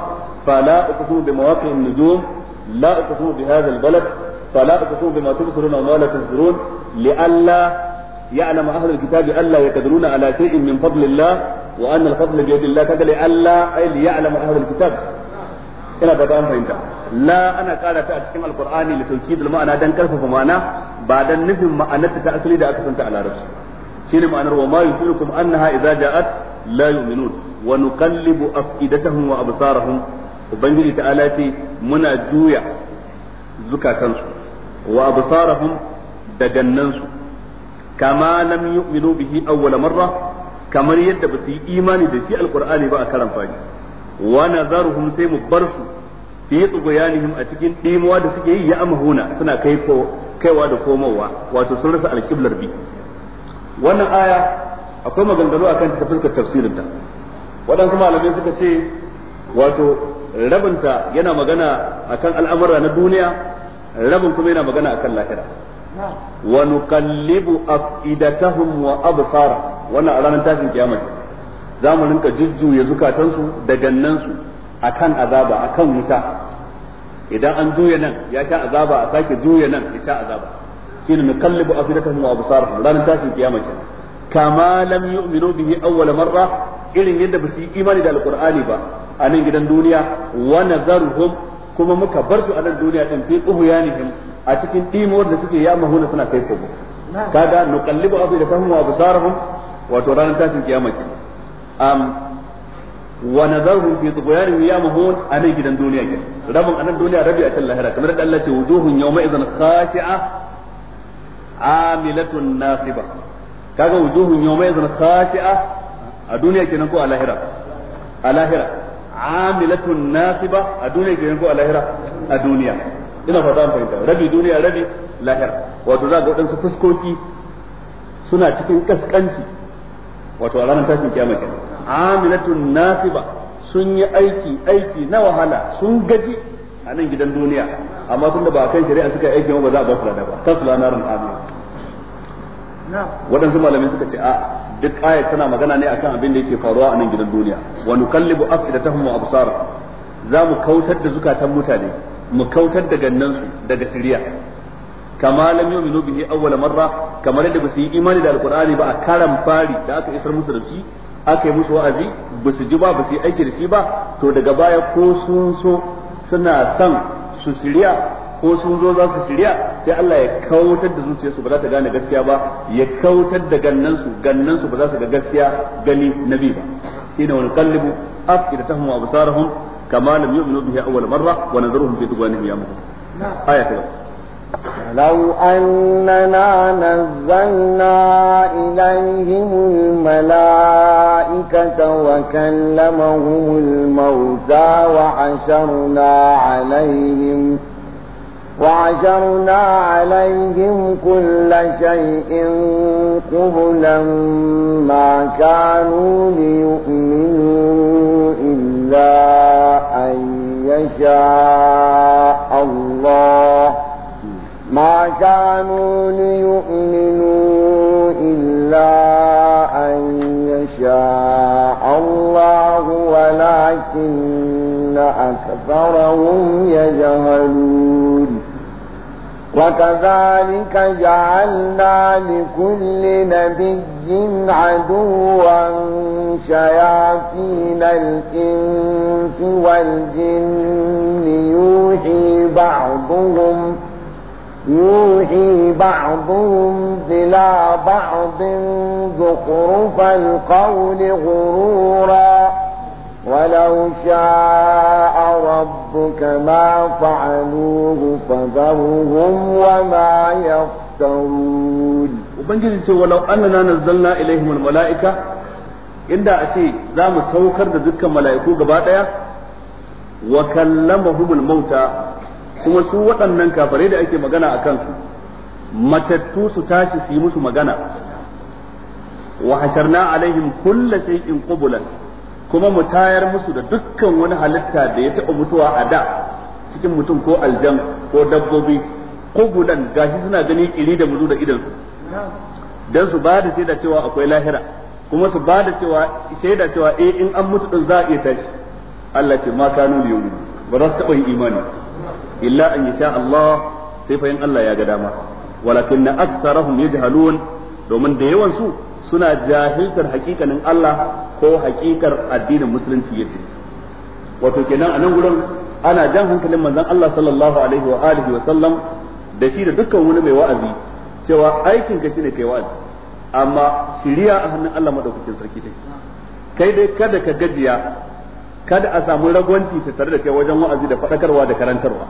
fa la uqsimu bi mawaqi'in nujum la uqsimu bi hadha al-balad fa la uqsimu bima tubsiruna wa la tubsirun li'alla يعلم أهل الكتاب ألا يقدرون على شيء من فضل الله وأن الفضل بيد الله كذا لألا أي ليعلم أهل الكتاب ina fata an fahimta la ana kara ta a cikin alqur'ani li da ma'ana dan karfafa ma'ana ba dan nufin ma'anarta ta asali da aka santa a larabci shine ma'anar wa ma yusirukum annaha idza ja'at la yu'minun wa nuqallibu afidatahum wa absarahum ubangiji ta'ala ce muna juya zukatansu wa absarahum da gannansu kama lam yu'minu bihi awwala marra kamar yadda ba su yi imani da shi alkur'ani ba a karan fani wa nazaruhum sai mu bar su fi tsugoyanihim a cikin dimuwa da suke yi ya amahuna suna kai kaiwa da komowa wato sun rasa alkiblar bi wannan aya akwai maganganu akan ta fuskar tafsirin ta waɗansu malamai suka ce wato rabinta yana magana akan al'amura na duniya rabin kuma yana magana akan lahira wa nuqallibu afidatahum wa fara wannan a ranar tashin kiyama za mu rinka jujjuya zukatansu da gannansu a kan azaba a kan wuta idan an juya nan ya sha azaba a sake juya nan ya sha azaba shine nukallibu afidatahum abu absarahum ranar tashin kiyama kenan kama lam yu'minu bihi awwal marra irin yadda ba su yi imani da alkur'ani ba a nan gidan duniya wa nazaruhum kuma muka bar su a nan duniya din fi tuhyanihim a cikin dimuwar da suke ya mahuna suna kai kogo kaga nukallibu afidatahum abu absarahum wato ranar tashin kiyama kenan wa nazaru fi tughyanihim ya mahun anan gidan duniya ke rabin anan duniya rabi a can lahira kamar da Allah ce wujuhun yawma idzan khashi'a amilatun nasiba kaga wujuhun yawma idzan khashi'a a duniya kenan ko a lahira a lahira amilatun nasiba a duniya kenan ko a lahira a duniya ina fata an fahimta rabi duniya rabi lahira wato za ga wadansu fuskoki suna cikin kaskanci wato a ranar tashin kiyama kenan nasiba sun yi aiki aiki na wahala sun gaji a nan gidan duniya amma tunda ba kan shari'a suka yi aiki ba za a ba su lada ba kasu narin amina waɗansu malamai suka ce a duk ayat tana magana ne akan abin da yake faruwa a nan gidan duniya wa ta afidatahum wa absar za mu kautar da zukatan mutane mu kautar da gannansu daga shari'a kama lam yu'minu bihi awwala marra kamar yadda basu yi imani da alqur'ani ba a karan fari da aka isar musu da shi aka yi musu wa'azi basu ji ba basu yi aiki da shi ba to daga baya ko sun so suna son su shirya ko sun zo za su shirya sai Allah ya kautar da zuciyarsu ba za ta gane gaskiya ba ya kautar da gannan su gannan su ba za su ga gaskiya gani nabi ba shine wani kallibu afidatahum wa absarahum kama lam yu'minu bihi awwal marra wa nadharuhum fi tughyanihim yamhun aya ta لو أننا نزلنا إليهم الملائكة وكلمهم الموتى وحشرنا عليهم وعشرنا عليهم كل شيء قبلا ما كانوا ليؤمنوا إلا أن يشاء كانوا ليؤمنوا إلا أن يشاء الله ولكن أكثرهم يجهلون وكذلك جعلنا لكل نبي عدوا شياطين الإنس والجن يوحي بعضهم يوحي بعضهم إلى بعض زخرف القول غرورا ولو شاء ربك ما فعلوه فذرهم وما يفترون وبنجد ولو أننا نزلنا إليهم الملائكة inda a ce za mu saukar da dukkan mala'iku gaba ɗaya wa kallamahumul mauta kuma su waɗannan kafare da ake magana a kansu matattu su tashi su yi musu magana wa hasharna alaihim kulla shay'in qubulan kuma mu tayar musu da dukkan wani halitta da ya taɓa mutuwa a da cikin mutum ko aljan ko dabbobi qubulan gashi suna gani kiri da muzu da idan su dan su ba da cewa akwai lahira kuma su ba da cewa shaida cewa eh in an mutu din za a iya tashi Allah ce ma kanu liyum ba za su taɓa yin imani illa an sha Allah sai fa Allah ya ga dama walakin aktsarahum yajhalun domin da yawan su suna jahiltar hakikanin Allah ko hakikar addinin musulunci yake wato kenan a nan gurin ana jan hankalin manzon Allah sallallahu alaihi wa alihi wa sallam da shi da dukkan wani mai wa'azi cewa aikin ka shine kai wa'azi amma shiriya a hannun Allah madaukakin sarki take kai dai kada ka gajiya kada a samu ragwanci ta tare da kai wajen wa'azi da fadakarwa da karantarwa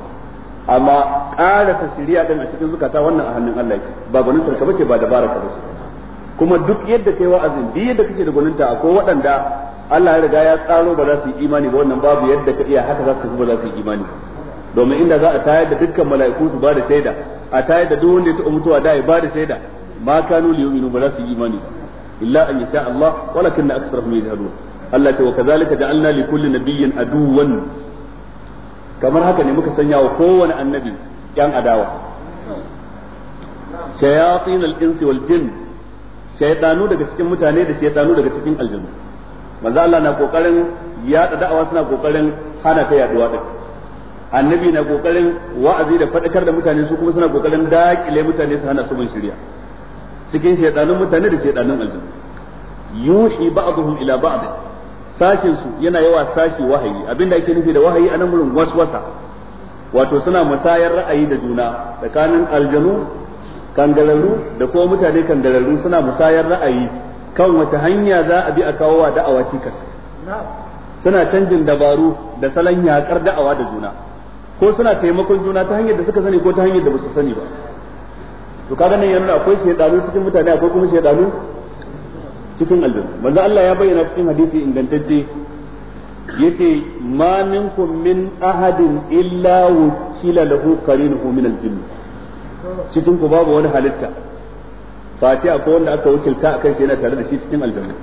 amma ƙara ta shiriya din a cikin zukata wannan a hannun Allah ba gwanin sarka bace ba dabara ka bace kuma duk yadda kai wa'azin duk yadda kake da gwaninta akwai waɗanda Allah ya riga ya tsaro ba za su yi imani ba wannan babu yadda ka iya haka za su ba za su yi imani domin inda za a tayar da dukkan mala'iku su ba da shaida a tayar da duk wanda ya taɓa mutuwa da ya ba da shaida ma kanu liyuminu ba za su yi imani illa an yasha Allah walakin aktharuhum yajhalun Allah ta wa kadhalika ja'alna li kulli nabiyyin aduwwan kamar haka ne muka sanya wa kowane annabi yan adawa shayatin al-insi wal jin shaytanu daga cikin mutane da shaytanu daga cikin aljanu manzo Allah na kokarin yada da'awa suna kokarin hana ta yaduwa din annabi na kokarin wa'azi da fadakar da mutane su kuma suna kokarin dakile mutane su hana su bin shari'a cikin shaytanun mutane da shaytanun aljanu yuhi ba'dhum ila ba'd Sashen su yana yawa sashi wahayi abinda ake nufi da wahayi a nan gurin waswasa wato suna musayar ra'ayi da juna tsakanin aljanu kangararru da kuma mutane kangararru suna musayar ra'ayi kan wata hanya za a bi a kawo wa da'awa cikas suna canjin dabaru da salon yakar da'awa da juna ko suna taimakon juna ta hanyar da suka sani ko ta hanyar da ba su sani ba to kaga nan yana akwai shedanu cikin mutane akwai kuma shedanu cikin aljanna manzo Allah ya bayyana cikin hadisi ingantacce yace ma minkum min ahadin illa wukila lahu qarinuhu min aljinn cikin ku babu wani halitta fati akwai wanda aka wakilta akan shi yana tare da shi cikin aljanna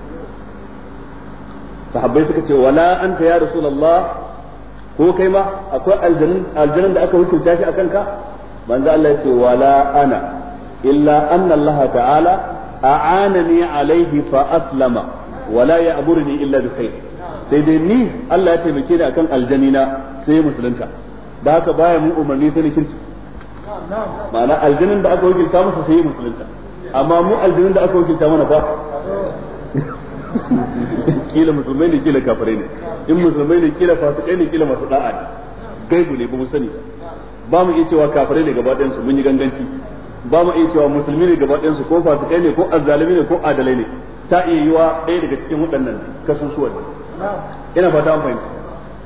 sahabbai suka ce wala anta ya rasulullah ko kai ma akwai aljannin aljannin da aka wakilta shi akan ka manzo Allah ya ce wala ana illa anna Allah ta'ala a'anani alaihi fa aslama wala ya'muruni illa bi khair sai dai ni Allah ya taimake ni akan aljanina sai musulunta da haka baya mun umarni sai na kirki ma'ana aljanin da aka ta masa sai musulunta amma mu aljanin da aka ta mana ba kila musulmai ne kila kafirai ne in musulmai ne kila fasikai ne kila masu da'a ne gaibu ne ba mu sani ba mu iya cewa kafirai ne gaba ɗayan su mun yi ganganci ba mu iya cewa musulmi ne gaba ɗayansu ko fasikai ne ko azzalimi ne ko adalai ne ta iya yiwa ɗaya daga cikin waɗannan kasusuwan ina fata an fahimci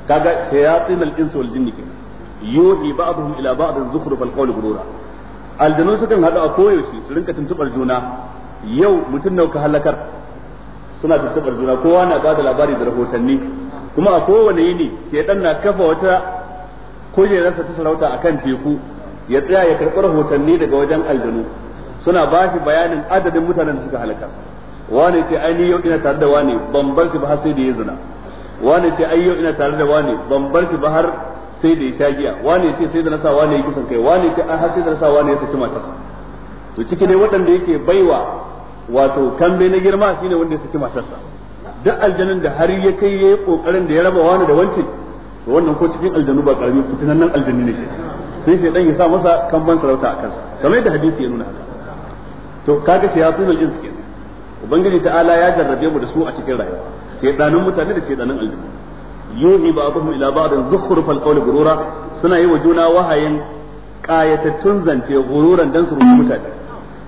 kaga shayatin al-insu wal jinni kenan yuhi ba'dhum ila ba'd zukhruf al-qawl ghurura aljanu sukan hadu a koyaushe su rinka tuntubar juna yau mutum nauka halakar suna tuntubar juna kowa na ba da labari da rahotanni kuma a kowane yini shedan na kafa wata kujerarsa ta sarauta akan teku ya tsaya ya karɓi rahotanni daga wajen aljanu suna ba shi bayanin adadin mutanen da suka halaka wani ce ai ni yau ina tare da wani ban bar shi ba har sai da ya zina wani ce ai yau ina tare da wani ban bar shi ba har sai da ya sha giya wani ce sai da na sa wani ya kisan kai wani ce ai har sai da na sa wani ya saki matarsa to ciki ne waɗanda yake baiwa wato kambe na girma shine wanda ya saki matarsa duk aljanun da har ya kai ya yi ƙoƙarin da ya raba wani da wancin to wannan ko cikin aljanu ba karami fitinan nan aljanu ne sai shi dan ya sa masa kamban sarauta a kansa kamar yadda hadisi ya nuna to kaga shayatunul ins kenan ubangiji ta'ala ya jarrabe mu da su a cikin rayuwa sai shedanin mutane da sai shedanin aljanna yuhi ba'dhum ila ba'din zukhrufal qawli gurura suna yi wa juna wahayin kayatattun zance gururan dan su rubuta mutane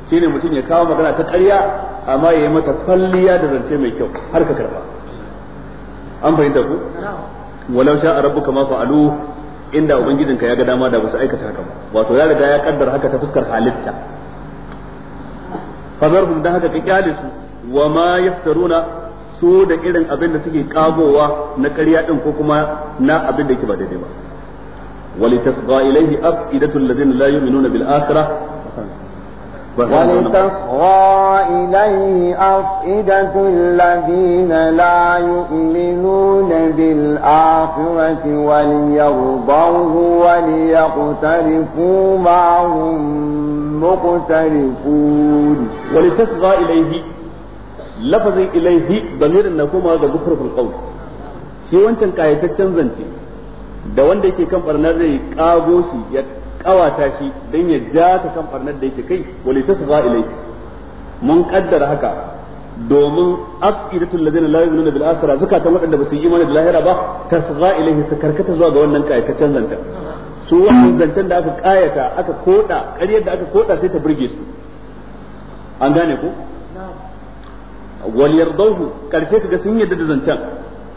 shine mutum ya kawo magana ta ƙarya amma ya yi mata kwalliya da zance mai kyau har ka karba an fahimta ku walau sha'a rabbuka ma fa'alu inda ubangijinka ya ga dama da basu aikata haka ba wato ya riga ya kaddara haka ta fuskar halitta fazarhum dan haka ka kyale su wa ma yaftaruna su da irin abin da suke kagowa na ƙarya din ko kuma na abin da yake ba daidai ba walitasqa ilayhi afidatul ladina la yu'minuna bil akhirah ولتصغى إليه أفئدة الذين لا يؤمنون بالآخرة وليرضوه وليقترفوا ما هم مقترفون ولتصغى إليه لفظ إليه ضمير النكومة هذا بكر في القول shi wancan kayataccen zance da wanda yake kan barnar zai kago ya kawata shi dan ya ja ta kan farnar da yake kai ta su ilayhi mun kaddara haka domin asqidatul ladina la yu'minuna bil akhirah zakatan wadanda ba su yi imani da lahira ba tasgha ilayhi su karkata zuwa ga wannan kayataccen zantan su wannan zantan da aka kayata aka koda ƙaryar da aka koda sai ta burge su an gane ko wal yardahu karshe ga sun yadda da zantan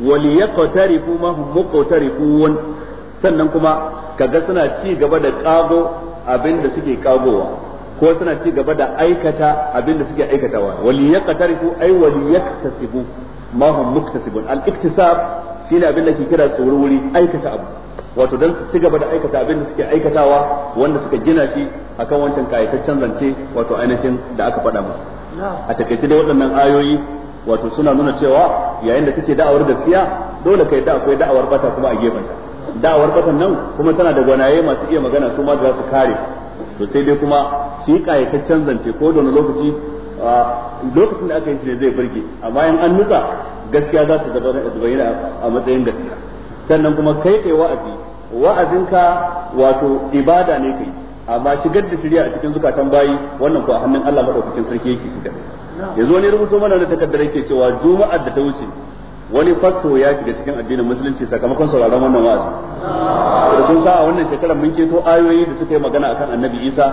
wal yaqtarifu ma hum muqtarifun sannan kuma kaga suna ci gaba da kago abin da suke kagowa ko suna ci gaba da aikata abin da suke aikatawa wali yaqtarifu ay wali yaktasibu ma hum muktasibun al iktisab shine abin da ke kira tsururi aikata abu wato dan su ci gaba da aikata abin da suke aikatawa wanda suka gina shi akan wancan kayataccen zance wato ainihin da aka faɗa musu a takaice dai waɗannan ayoyi wato suna nuna cewa yayin da kake da'awar gaskiya dole kai da akwai da'awar bata kuma a gefenta da'awar ƙasar nan kuma tana da gwanaye masu iya magana su ma za su kare to sai dai kuma shi kayataccen zance ko da wani lokaci lokacin da aka yi shi ne zai burge amma in an nutsa gaskiya za ta zabayyana a matsayin gaskiya sannan kuma kai kai wa'azi wa'azinka wato ibada ne kai amma shigar da shirya a cikin zukatan bayi wannan ko a hannun Allah madaukakin sarki yake shiga yanzu wani rubuto mana na takardar yake cewa juma'ar da ta wuce wani fakto ya shiga cikin addinin musulunci sakamakon sauraron wannan wa'azi da kun sa wannan shekarar mun keto ayoyi da suka yi magana akan annabi isa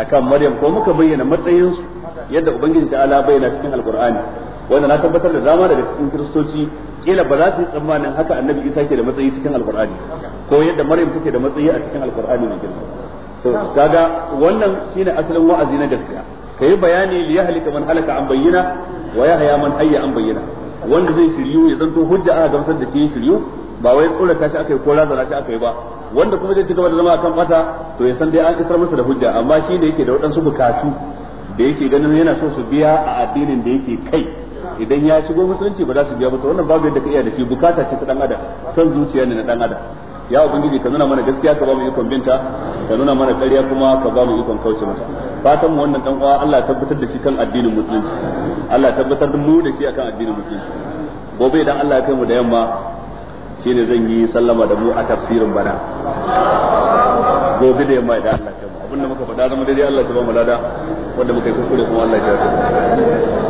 akan maryam ko muka bayyana matsayinsu yadda ubangiji ta ala bayyana cikin alqur'ani wanda na tabbatar da dama daga cikin kiristoci kila ba za su yi tsammanin haka annabi isa ke da matsayi cikin alqur'ani ko yadda maryam take da matsayi a cikin alqur'ani mai girma to kaga wannan shine asalin wa'azi na gaskiya kai bayani li yahlika man halaka an bayyana wa yahya man hayya an bayyana wanda zai shiryu ya zanto hujja ana gamsar da shi shiryu ba wai ta shi aka yi ko razana shi aka yi ba wanda kuma zai ci gaba da zama akan bata to ya san dai an isar masa da hujja amma shi ne yake da waɗansu bukatu da yake ganin yana so su biya a addinin da yake kai idan ya shigo musulunci ba za su biya ba to wannan babu yadda ka iya da shi bukata ce ta dan adam kan zuciya ne na dan adam ya ubangiji ka nuna mana gaskiya ka ba mu ikon binta ka nuna mana ƙarya kuma ka ba mu ikon kauce mata fatan mu wannan dan uwa Allah ya tabbatar da shi kan addinin musulunci Allah ya tabbatar da mu da shi akan addinin musulunci gobe idan Allah ya kai mu da yamma shine zan yi sallama da mu a tafsirin bana gobe da yamma idan Allah ya kai mu abinda muka faɗa zama daidai Allah ya ba mu lada wanda muka yi kuskure kuma Allah ya ji